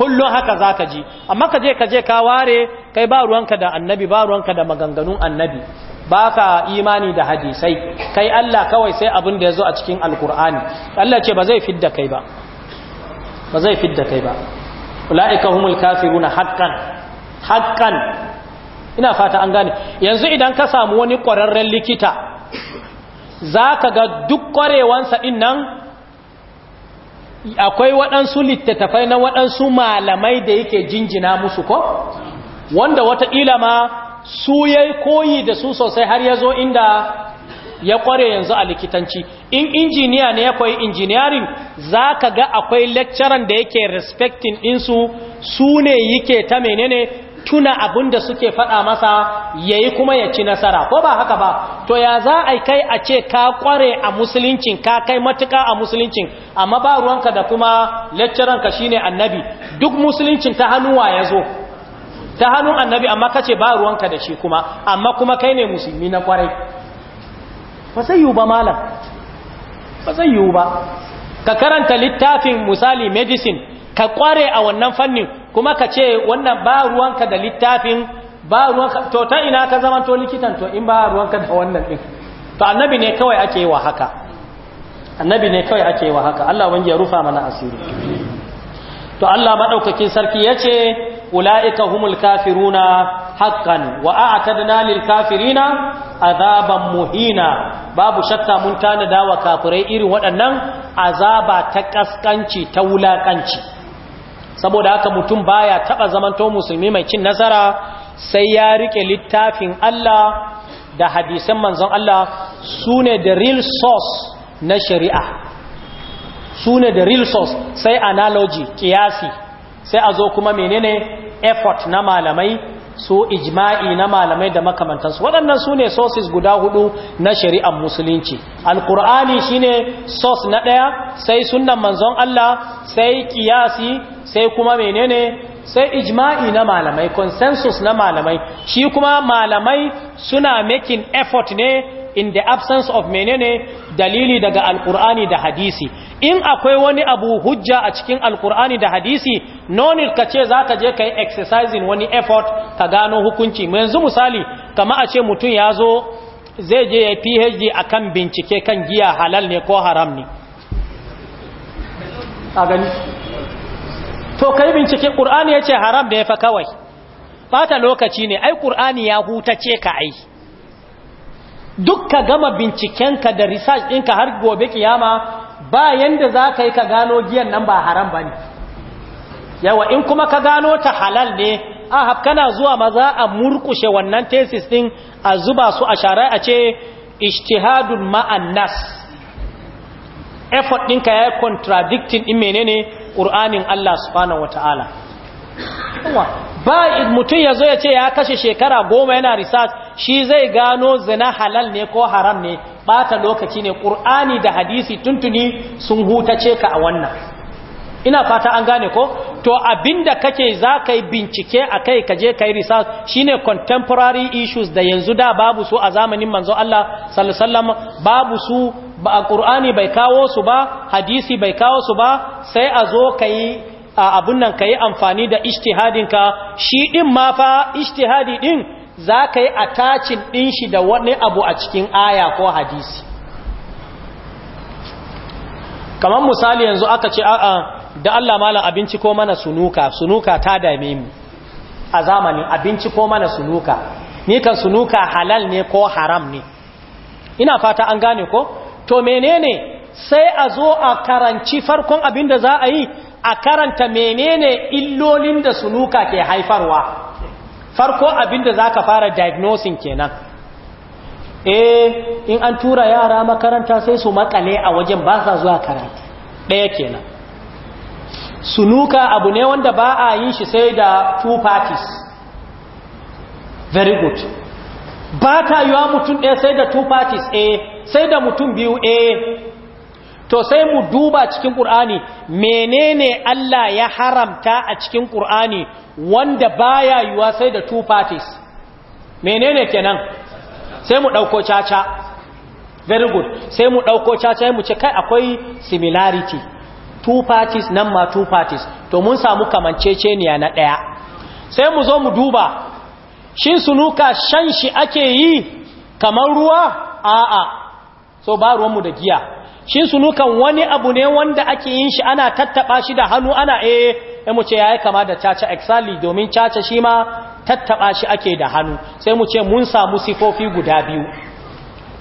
kullum haka za ka ji amma ka je ka je ka ware kai ba ruwanka da annabi ba ruwanka da maganganun annabi ba ka imani da hadisai kai Allah kawai sai abin da ya zo a cikin alkur'ani Allah ce ba zai fidda kai ba ba zai fidda kai ba ula'ika humul kafiruna haqqan haqqan ina fata an gane yanzu idan ka samu wani ƙwararren likita za ka ga duk ƙwarewansa ɗin nan akwai waɗansu littattafai na waɗansu malamai da yake jinjina musu ko wanda wataƙila ma su ya koyi da su sosai har ya zo inda ya kware yanzu a likitanci in injiniya ne ya koyi injiniyarin za ka ga akwai lecturer da yake respecting ɗinsu su ne yake ta menene tuna abin da suke faɗa masa ya yi kuma ya ci nasara ko ba haka ba to ya za a kai a ce ka kware a musuluncin ka kai matuka a musuluncin amma ba ruwanka da kuma lecturanka shine annabi duk musuluncin ta hannuwa ya zo ta hannun annabi amma ka ce ba ruwanka da shi kuma amma kuma kai ne musulmi na kwarai ba sai yiwu ba malam ba sai yiwu ba ka karanta littafin misali medicine ka kware a wannan fannin kuma ka ce wannan ba ruwanka da littafin ba ruwanka to ta ina ka zama to likitan to in ba ruwanka da wannan din to annabi ne kawai ake wa haka annabi ne kawai ake wa haka Allah wanda ya rufa mana asiri to Allah madaukakin sarki ya yace ulaika humul kafiruna haqqan wa a'tadna lil kafirina azaban muhina babu shakka mun tanada wa kafirai irin waɗannan azaba ta kaskanci ta wulakanci saboda haka mutum baya taba zamanto musulmi mai cin nasara sai ya rike littafin Allah da hadisan manzon Allah sune the real source na shari'a sune the real source sai analogy kiyasi sai a zo kuma menene effort na malamai su ijma'i na malamai da makamantansu waɗannan su ne sources guda hudu na shari'ar musulunci alkur'ani ne source na ɗaya sai sunan manzon Allah sai kiyasi sai kuma menene sai ijma'i na malamai consensus na malamai shi kuma malamai suna making effort ne in the absence of menene dalili daga alkur'ani da hadisi in akwai wani abu hujja a cikin alkur'ani da hadisi nonil ka ce za ka je ka yi exercising wani effort ka gano hukunci yanzu misali kama a ce mutum ya zo zai je ya phd a kan bincike kan giya halal ne ko haram ne a gani to ka yi bincike ƙur'ani ya ce haram da ya fa kawai fata lokaci ne ai ƙur'ani ya hutace ka ai duk ka gama bincikenka da research ɗinka har gobe kiyama ba yanda za ka yi ka gano giyan nan ba haram ba ne yawa in kuma ka gano ta halal ne a hafkana zuwa maza a murkushe wannan tesis din a zuba su a shara a ce ishtihadun ma'an nas effort ɗinka ya yi contradicting in menene ƙur'anin Allah subhanahu wa ba mutum ya zo ya ce ya kashe shekara goma yana research shi zai gano zina halal ne ko haram ne bata lokaci ne ƙur'ani da hadisi tuntuni sun hutace ka a wannan ina fata an gane ko to abinda kake za ka yi bincike a kai kaje ka yi research shine contemporary issues da yanzu da babu su a zamanin manzo Allah sallallahu babu su ba a ƙur'ani bai kawo su ba hadisi bai kawo su ba sai a zo ka yi A abun nan ka yi amfani da ishtihadinka shi ɗin ma fa ishtihadi ɗin za ka yi attachin ɗin shi da wani abu a cikin aya ko hadisi kamar misali yanzu aka ce a'a da Allah malam abinci ko mana sunuka sunuka ta dame mu a zamanin abinci ko mana sunuka ni kan sunuka halal ne ko haram ne ina fata an gane ko to menene sai a zo a karanci farkon abin da za a yi a karanta menene illolin da sunuka ke haifarwa farko abinda za ka fara diagnosing kenan eh in an tura yara makaranta sai su makale a wajen ba sa zuwa karanta ɗaya kenan sunuka abu ne wanda ba a yin shi sai da two parties very good ba ta yiwa mutum ɗaya sai da two parties eh sai da mutum biyu eh to sai mu duba cikin ƙur'ani menene Allah ya haramta a cikin ƙur'ani wanda baya yiwa sai da two parties menene kenan sai mu ɗauko caca very good sai mu ɗauko caca mu ce kai akwai similarity two parties nan ma two parties to mun samu kamanceceniya na ɗaya sai mu zo mu duba shin sunuka shan shi ake yi kamar ruwa a'a so ba ruwanmu da giya shin sunukan wani abu ne wanda ake yin shi ana tattaba shi da hannu ana eh sai mu ce yayi kama da caca exactly domin caca shi ma tattaba shi ake da hannu sai mu ce mun samu sifofi guda biyu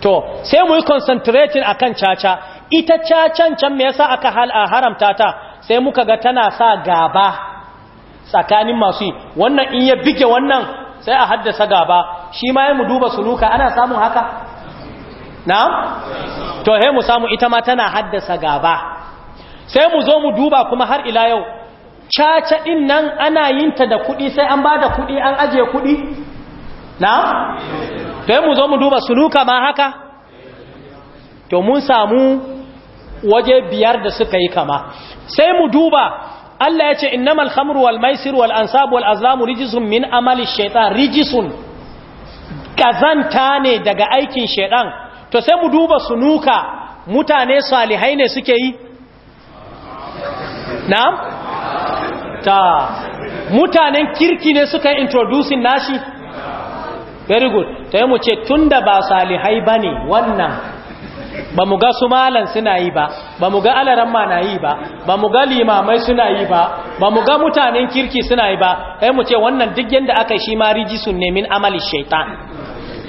to sai mu yi concentrating akan caca ita cacan can me yasa aka hal a haramta ta sai muka ga tana sa gaba tsakanin masu yi wannan in ya bige wannan sai a haddasa gaba shi ma ya mu duba sunuka ana samun haka na? to he mu samu ita ma tana haddasa gaba sai mu zo mu duba kuma har ila yau caca din nan ana yin ta da kuɗi sai an bada da kuɗi an ajiye kuɗi na? to he mu zo mu duba suluka ma haka to mun samu waje biyar da suka yi kama sai mu duba Allah ya ce innamal khamru wal maisir wal ansab wal azlamu rijisun min amali shaytan rijisun kazanta ne daga aikin shaytan to sai mu duba sunuka mutane salihai ne suke yi na'am ta mutanen kirki ne suka introducing nashi very good ta yi mu ce tun da ba salihai ba ne wannan ba mu ga su malan suna yi ba ba mu ga alaran ma na yi ba ba mu ga limamai suna yi ba ba mu ga mutanen kirki suna yi ba ta mu ce wannan duk yadda aka shi ma rijisun ne min amali shaitan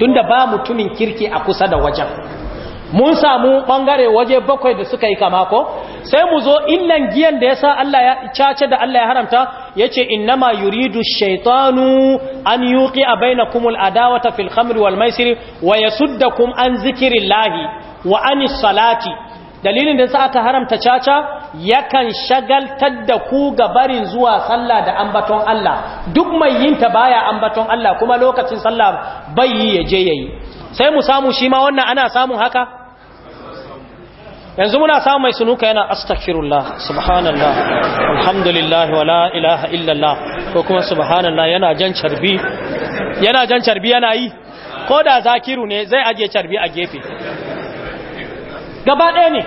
tunda ba mutumin kirki a kusa da wajen mun samu bangare waje bakwai da suka yi kama ko sai mu zo innan giyan da yasa Allah ya cace da Allah ya haramta yace innama yuridu shaitanu an baina bainakumul adawata fil khamr wal maisiri wa kum an zikrillahi wa anis salati dalilin da sa aka haramta caca yakan shagaltar da ku ga barin zuwa sallah da ambaton Allah duk mai yinta baya ambaton Allah kuma lokacin sallah bai yi ya je yayi sai mu samu shi ma wannan ana samun haka yanzu muna samu mai sunuka yana astaghfirullah subhanallah alhamdulillah wala ilaha illallah ko kuma subhanallah yana jan carbi yana jan carbi yana yi ko da zakiru ne zai aje carbi a gefe gaba ɗaya ne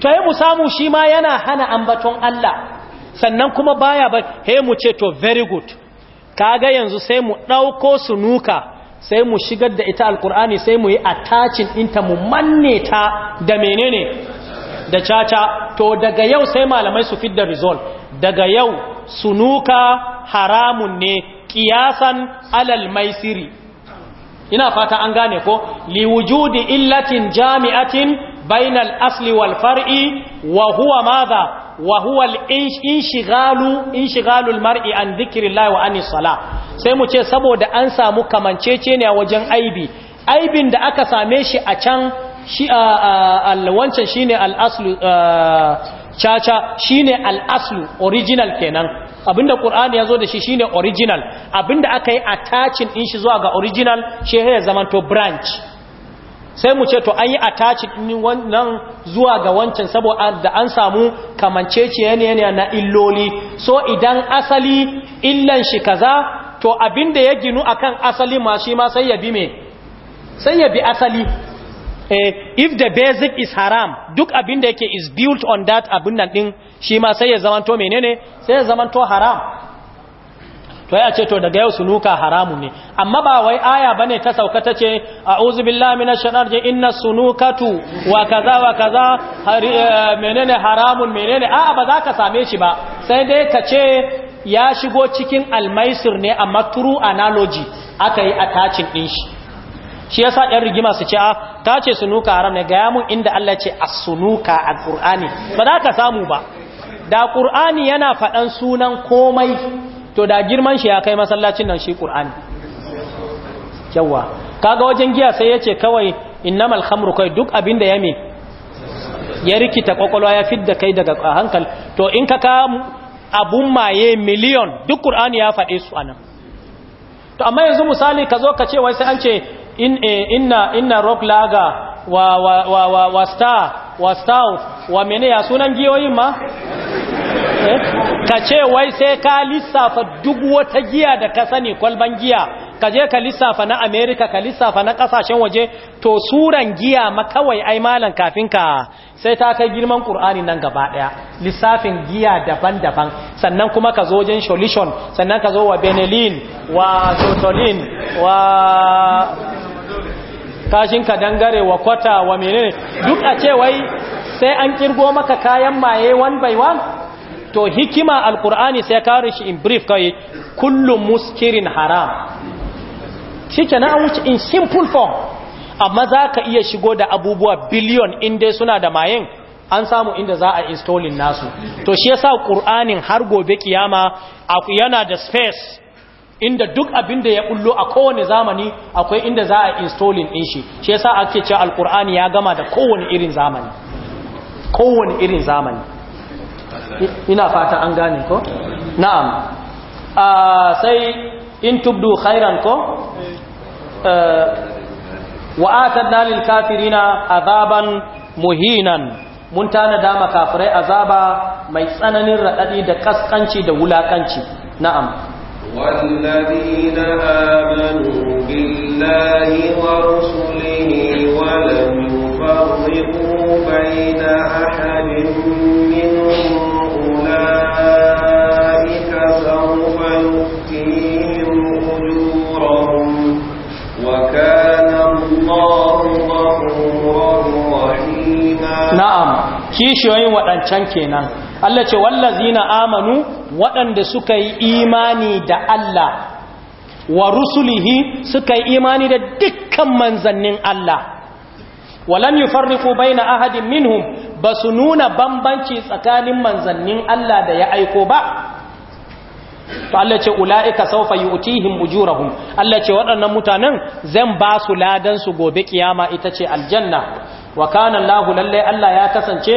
to yi mu samu shi ma yana hana ambaton Allah sannan kuma baya ba he mu ce to very good kaga yanzu sai mu ɗauko sunuka sai mu shigar da ita alkur'ani sai mu yi attachin ɗinta mu manne ta da menene da caca to daga yau sai malamai su da result daga yau sunuka haramun ne kiyasan alal maisiri ina fata an gane ko liwujudi illatin jami'atin bainal asli wal far'i wa huwa madha wa inshigalu inshigalul mar'i an dhikrillah sala sai mu ce saboda an samu a wajen aibi aibin da aka same shi a can shi alwancan shine al aslu caca shine alaslu original kenan abinda qur'ani yazo da shi shine original abinda aka yi attaching din shi zuwa ga original shi ya zamanto branch sai mu ce to an yi attach wannan zuwa ga wancan saboda an samu ce ne na illoli so idan asali illan shi kaza to abinda ya ginu akan asali ma shi ma sai ya bi me sai ya bi asali eh, if the basic is haram duk abinda yake is built on that abin nan din shi ma sai ya zamanto menene sai ya zamanto haram to ya ce to daga yau sunuka haramun ne amma ba wai aya bane ta sauka ta ce a'udhu billahi minash shaitani inna sunukatu wa kaza wa kaza eh, menene haramun menene a'a ba za ka same shi ba sai dai ka ce ya shigo cikin almaisir ne amma true analogy aka yi attaching din shi shi yasa ɗan rigima su ce a ah, ta ce sunuka haram ne gaya mun inda Allah ce a sunuka a ƙur'ani ba za ka samu ba da ƙur'ani yana faɗan sunan komai to da girman shi ya kai masallacin nan shi qur'ani yawa kaga wajen giya sai yace kawai innamal khamru kai duk abinda da ya me ya rikita kwakwalwa ya fidda kai daga hankali to in ka ka abun maye miliyon duk ƙur'ani ya faɗi su anan to amma yanzu misali kazo zo ka ce wai sai an ce eh, inna inna rock laga wa wa wa wa star wa star wa mene ya sunan giyoyin ma Eh? ka ce wai sai ka lissafa duk wata giya da ka sani kwalban giya ka je ka lissafa na amerika ka lissafa na kasashen waje to suran giya ma kawai ai malan kafin ka sai ta kai girman qur'ani nan gaba daya lissafin giya daban-daban sannan kuma ka zo wajen solution sannan ka zo wa benelin wa zotolin wa kashin ka dangare wa kwata wa menene duk a ce wai sai an kirgo maka kayan maye one by one to hikima alkur'ani sai kare shi in brief kawai kullum muskirin haram shike na na wuce in simple form amma za ka iya shigo da abubuwa biliyon inda suna da mayen an samu inda za a installing nasu to shi yasa qur'anin har gobe kiyama yana da space inda duk abin da ya bullo a kowane zamani akwai inda za a installing din shi shi yasa ake cewa alqur'ani ya gama da kowane irin zamani kowane irin zamani ina fata an gane ko na'am ah, sai in tubdu khairan ko eh, wa atadna lil kafirina azaban muhinan mun tana dama kafirai azaba mai tsananin radadi da kaskanci da wulakanci na'am والذين آمنوا بالله ورسله ولم يفرقوا بين أحد منهم Na'am, kishiyoyin waɗancan kenan Allah ce wallazina amanu waɗanda suka yi imani da Allah wa rusulihi suka yi imani da dukkan manzannin Allah walan yufarriqu baina ahadin minhum ba su nuna bambanci tsakanin manzannin Allah da ya aiko ba to Allah ce ula'ika saufa yu'tihim ujurahum Allah ce waɗannan mutanen zan ba su ladan su gobe kiyama ita ce aljanna wa kana Allah lalle Allah ya kasance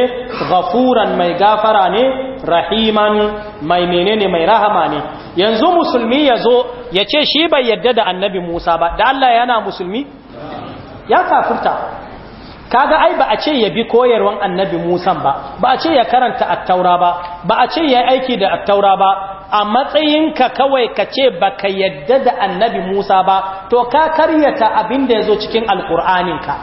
ghafuran mai gafara ne rahiman mai menene mai rahama ne yanzu musulmi yazo yace shi bai yadda da annabi Musa ba da Allah yana musulmi ya kafurta kaga ai ba a ce ya bi koyarwan annabi Musa ba ba a ce ya karanta attaura ba ba a ce ya yi aiki da attaura ba a matsayinka kawai ka ce ba ka yadda da annabi musa ba to ka karyata abin da ya zo cikin alƙur'aninka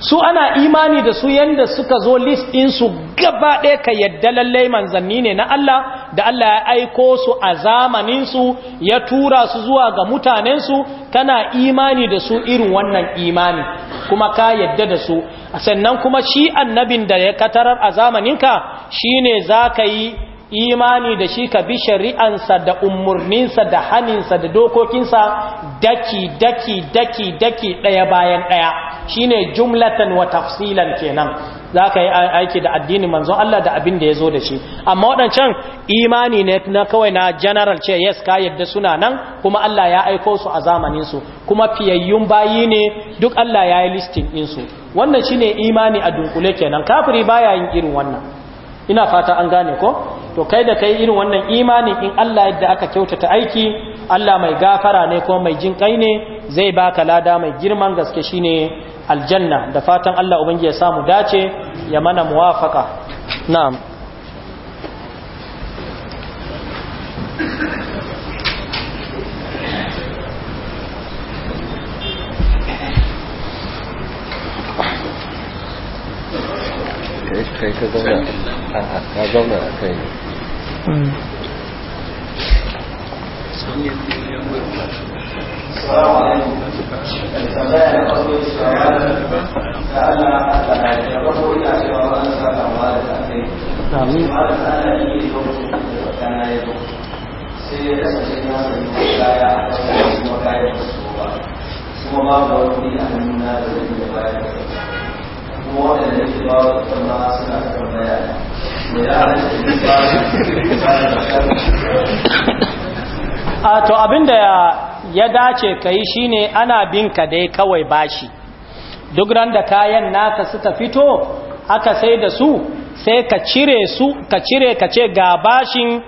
su ana imani da su yanda suka zo list su gaba ɗaya ka yadda lallai manzanni ne na Allah da Allah ya aiko su a zamaninsu ya tura su zuwa ga mutanensu kana imani da su irin wannan imani kuma ka yadda da su sannan kuma shi annabin da ya katarar a zamaninka shi ne za ka yi imani da shi ka bi shari'ansa da umarninsa da haninsa da dokokinsa daki daki daki daki ɗaya bayan ɗaya shine jumlatan wa tafsilan kenan za ka yi aiki da addinin manzon Allah da abin da ya zo da shi amma waɗancan imani ne na kawai na general ce yes ka yadda suna nan kuma Allah ya aiko su a zamaninsu kuma fiyayyun bayi ne duk Allah ya yi listin ɗinsu wannan shi ne imani a dunkule kenan kafiri baya yin irin wannan ina fata an gane ko to kai da kai irin wannan imani in Allah yadda aka kyautata aiki Allah mai gafara ne ko mai jin kai ne zai baka lada mai girman gaske shine aljanna da fatan Allah ubangi ya samu dace ya mana muwafaka na'am kai ka zauna a kai 嗯。a to abinda ya dace ka yi shine ana bin ka dai kawai bashi duk ran da kayan naka suka fito aka sai da su sai ka cire su ka cire ka ce ga bashin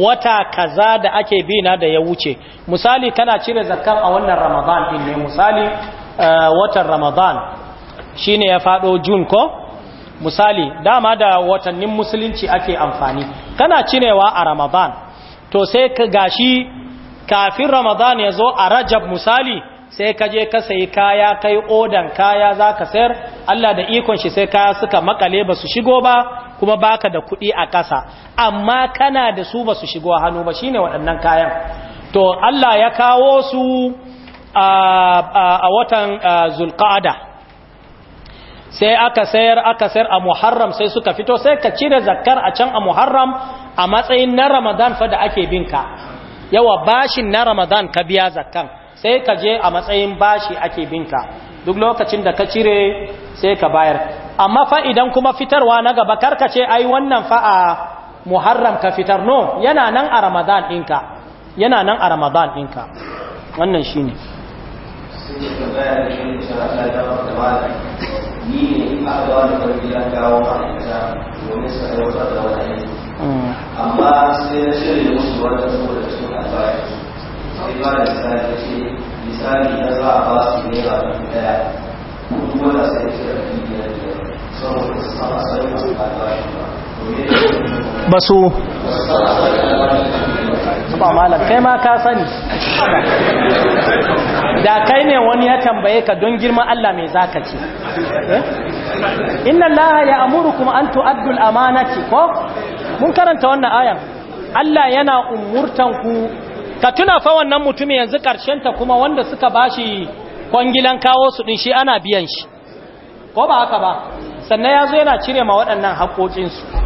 wata kaza da ake bina da ya wuce misali kana cire zakar a wannan ramadan din ne misali eh, watan ramadan shine ya fado jun ko misali dama da watannin musulunci ake amfani kana cinewa a ramadan to sai ka gashi kafin ramadan ya zo a rajab misali sai ka je ka sayi kaya kai odan kaya za ka sayar allah da ikon shi sai kaya suka makale ba su shigo ba kuma baka da kuɗi a ƙasa amma kana da su ba su shigo hannu ba shine waɗannan kayan to allah ya kawo su a watan zulƙa'ada sai aka sayar aka sayar a muharram sai suka fito sai ka cire zakkar a can a muharram a matsayin na ramadan fa da ake binka yawa bashin na ramadan ka biya zakkan sai ka je a matsayin bashi ake binka duk lokacin da ka cire sai ka bayar amma fa idan kuma fitarwa na gaba ka ce ai wannan fa a muharram ka fitar no yana nan a ramadan ka. yana nan a ramadan ɗinka wannan shine ne ni ne aka ba wani karfi ya kawo ma'aikata domin su aiwatar da wani amma sai na shirya musu wannan saboda cikin albashi sai ba da misali ya ce misali na za a ba su naira dubu daya duk wanda sai ya ce da dubu biyar biyar saboda su sama sai masu ba domin ba su ba malam kai ma ka sani da kai ne wani ya tambaye ka don girma Allah mai zaka ce eh? inna laha ya kuma an tu'addu al-amanati ko mun karanta wannan ayan Allah yana umurtan ku ka tuna fa wannan mutumin yanzu karshen ta kuma wanda suka bashi kwangilan kawo su din shi ana biyan shi ko ba haka ba sannan yazo yana cire ma waɗannan su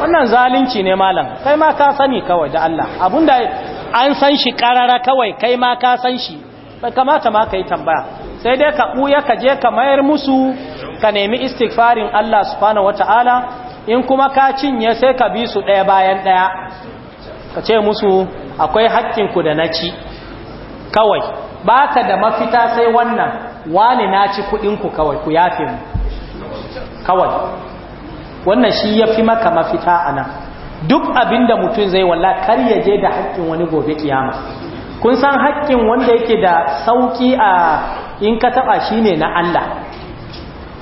wannan zalunci ne malam kai ma ka sani kawai da Allah abunda an san shi karara kawai kai ma ka san shi bai kamata ma ka yi tambaya sai dai ka buya ka je ka mayar musu ka nemi istighfarin Allah subhanahu wata'ala in kuma ka cinye sai ka bi su ɗaya bayan ɗaya ka ce musu akwai ku da na ci kawai ba ka da mafita sai wannan wani na ci kuɗinku kawai ku yafe mu kawai wannan shi ya fi maka mafita a nan duk abin da mutum zai walla kar ya je da haƙƙin wani gobe kiyama kun san haƙƙin wanda yake da sauƙi a in ka taɓa shi ne na Allah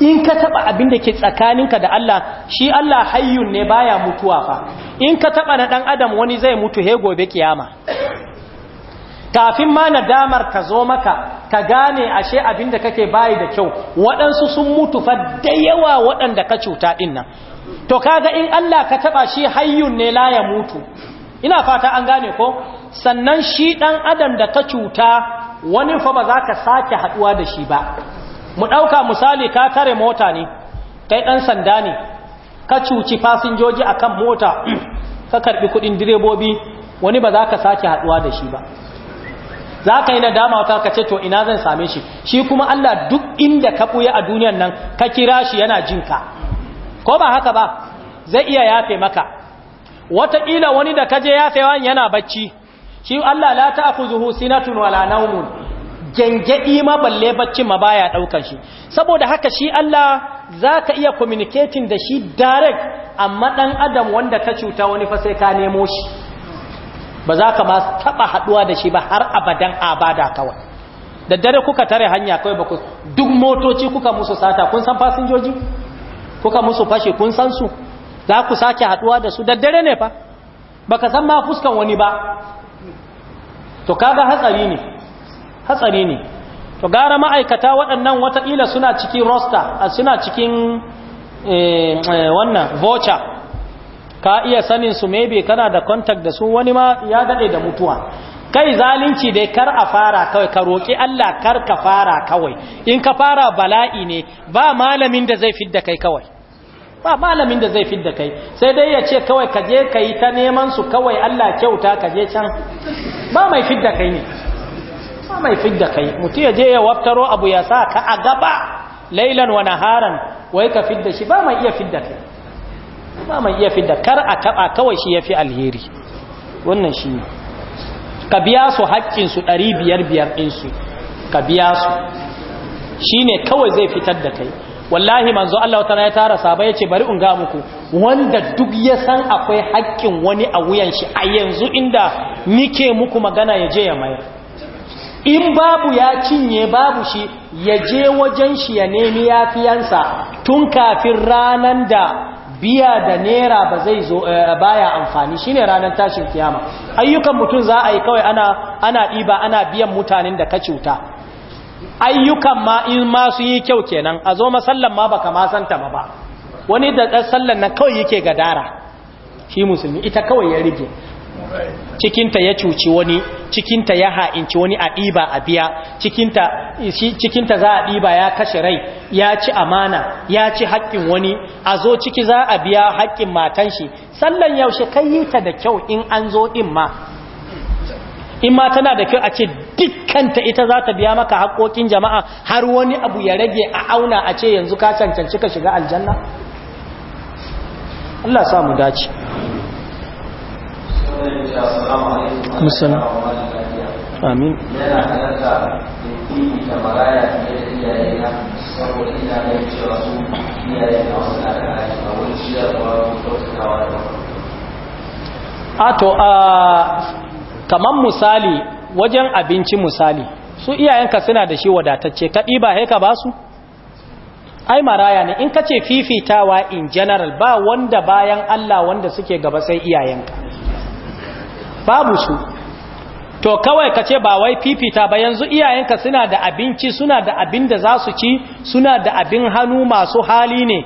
in ka taɓa abin da ke tsakaninka da Allah shi Allah hayyun ne baya mutuwa fa in ka taɓa na ɗan adam wani zai mutu he gobe kiyama kafin ma na damar ka zo maka ka gane ashe abin da kake bayi da kyau waɗansu sun mutu fa da yawa waɗanda ka cuta ɗin nan to kaga in Allah ka taɓa shi hayyun ne la ya mutu ina fata an gane ko sannan shi ɗan adam da ka cuta wani fa ba za ka sake haɗuwa da shi ba mu ɗauka misali ka tare mota ne kai ɗan sanda ne ka cuci fasinjoji akan mota [clears throat] ka karɓi kuɗin direbobi wani ba za ka sake haɗuwa da shi ba za ka yi nadama wata ka ce to ina zan same shi shi kuma Allah duk inda ka ɓuya a duniyan nan ka kira shi yana jin ka ko ba haka ba zai iya yafe maka wataƙila wani da ka yafe yafewa yana bacci shi Allah la zuhu sinatun wala naumun genge ma balle bacci ma baya ɗaukan shi saboda haka shi Allah za ka iya communicating da shi direct amma dan adam wanda ka cuta wani fa sai ka nemo shi ba za ka su taɓa haɗuwa da shi ba har abadan abada kawai da dare kuka tare hanya kawai ba ku duk motoci kuka musu sata kun san fasinjoji kuka musu fashe kun san su za ku sake haɗuwa da su da dare ne fa ba ka san ma fuskan wani ba to kaga hatsari ne hatsari ne to gara ma'aikata waɗannan wataƙila suna cikin roster suna cikin eh, eh, wannan voucher ka iya sanin su maybe kana da contact da su wani ma ya dade da mutuwa kai zalunci dai kar a fara kawai ka roƙi Allah kar ka fara kawai in ka fara bala'i ne ba malamin da zai fidda kai kawai ba malamin da zai fidda kai sai dai ya ce kawai ka je ka yi ta neman su kawai Allah kyauta ka je can ba mai fidda kai ne ba mai fidda kai mutum ya je ya waftaro abu ya sa ka a gaba lailan wa naharan wai ka fidda shi ba mai iya fidda kai ba mai iya fi da kar a kaba kawai shi ya fi alheri wannan shi ne ka biya su haƙƙinsu ɗari biyar biyar ɗinsu ka biya su shi ne kawai zai fitar da kai wallahi manzo Allah wata ya tara saba ya ce bari in ga muku wanda duk ya san akwai haƙƙin wani a wuyan shi a yanzu inda nike muku magana ya je ya mayar in babu ya cinye babu shi ya je wajen shi ya nemi yafiyansa tun kafin ranan da biya da nera ba zai zo eh, baya amfani shine ranar tashin kiyama ayyukan mutum za a yi kawai ana ana diba ana biyan mutanen da ka cuta ayyukan ma in ma su yi kyau kenan a zo masallan ma baka ma santa ba ba wani da sallan nan kawai yake gadara shi musulmi ita kawai ya rige cikinta ya cuci wani cikinta ya ha'inci wani a ɗiba a biya cikinta za a ɗiba ya kashe rai ya ci amana ya ci haƙƙin wani a zo ciki za a biya haƙƙin matan shi sallan yaushe kai yi ta da kyau in an zo in ma in ma tana da kyau a ce dukkanta ita za ta biya maka haƙoƙin jama'a har wani abu ya rage a auna a ce yanzu ka cancanci ka shiga aljanna Allah samu dace Musala. Amin. a kamar misali wajen abinci misali, su iyayenka suna da shi wadatacce, ka ɗiba haika ba su? ai maraya ne in ka ce fifitawa in general ba wanda bayan Allah wanda suke gaba sai iyayenka babu su to kawai ka ce ba wai fifita ba yanzu iyayenka suna da abinci suna da abin da za su ci suna da abin hannu masu hali ne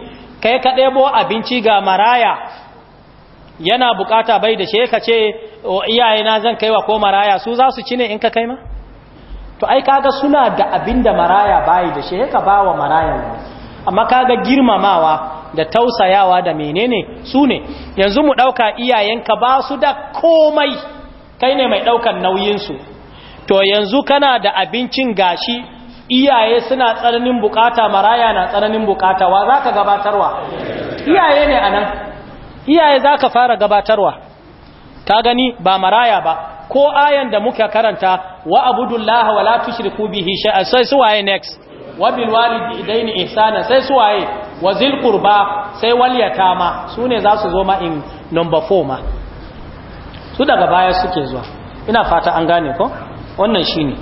kai ka ɗebo abinci ga maraya yana bukata bai da shi ka ce iyayena zan kaiwa ko maraya su za su ci ne in ka kai ma to ai kaga suna da abin da maraya bai da shi ka ba wa maraya amma kaga girmamawa da tausayawa da menene su ne yanzu mu ɗauka iyayenka ba su da komai kai ne mai ɗaukan nauyinsu to yanzu kana da abincin gashi iyaye suna tsananin bukata maraya na tsananin bukata wa za gabatarwa iyaye ne anan, iyaye za fara gabatarwa ka gani ba maraya ba ko ayan da muka karanta wa abudullaha wala tushriku bihi shay'a sai su waye next wa bil walidaini ihsana sai su waye wa zil qurba sai wal yatama sune za su zo ma in number 4 ma su daga baya suke zuwa ina fata an gane ko wannan shi ne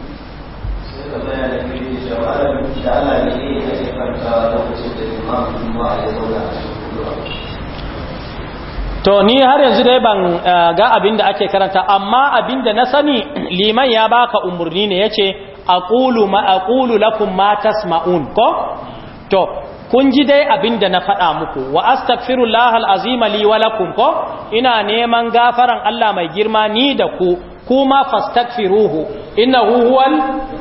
to ni har yanzu dai ban eh, ga abin da ake karanta amma abin da na sani [clears throat] liman ya baka umurni ne Yace, ce aqulu ma aqulu lakum ma tasma'un ko to kun ji dai abin da na faɗa muku wa astaghfirullah alazim li wa lakum ina neman gafaran Allah mai girma ni da ku kuma fastagfiruhu innahu huwal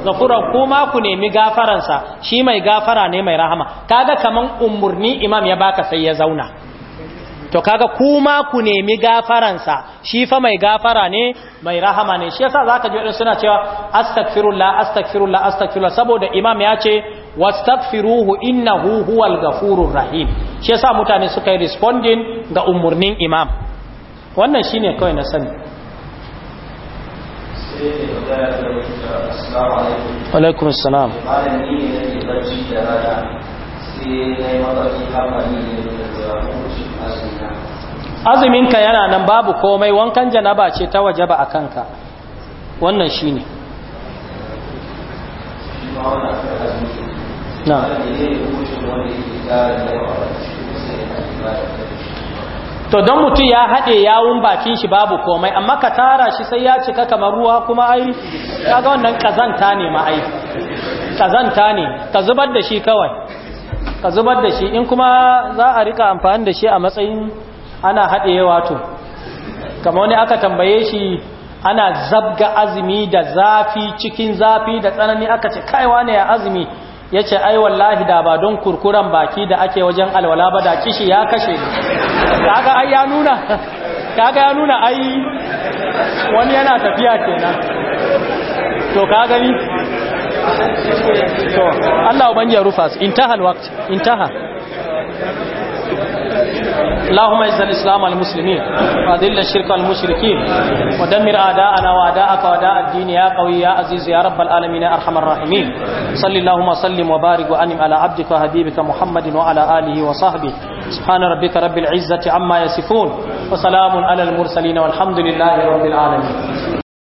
zafuran kuma ku nemi gafaransa sa shi mai gafara ne mai rahama kaga kaman umurni imam ya baka sai ya zauna to kaga kuma ku nemi gafaransa shi fa mai gafara ne mai rahama ne shi yasa zaka ji suna cewa astagfirullah astagfirullah astagfirullah saboda imam ya ce wastaghfiruhu innahu huwal ghafurur rahim shi yasa mutane suka yi responding ga umurnin imam wannan shine kawai na sani alaikum assalam azuminka yana nan babu komai wankan janaba ce ta waje ba a kanka wannan shine na to don mutum ya haɗe yawun bakin shi babu komai amma ka tara shi sai ya cika kamar ruwa kuma ai ga wannan kazanta ne ma ai kazanta ne ka zubar da shi kawai ka zubar da shi in kuma za a rika amfani da shi a matsayin ana haɗe yawa to kamar wani aka tambaye shi ana zabga azumi da zafi cikin zafi da tsanani aka ce kaiwa ne ya azumi ya ce ai wallahi da ba don kurkuran baki da ake wajen alwala ba da kishi ya kashe ni kaga ai ya nuna [laughs] kaga ya nuna ai wani yana tafiya kenan to ka gani to Allah ubangi ya rufa su intaha alwaqt intaha اللهم اعز الاسلام والمسلمين واذل الشرك والمشركين ودمر اعداءنا واعداءك واعداء الدين يا قوي يا عزيز يا رب العالمين يا ارحم الراحمين صل اللهم وسلم وبارك وانم على عبدك وحبيبك محمد وعلى اله وصحبه سبحان ربك رب العزه عما يصفون وسلام على المرسلين والحمد لله رب العالمين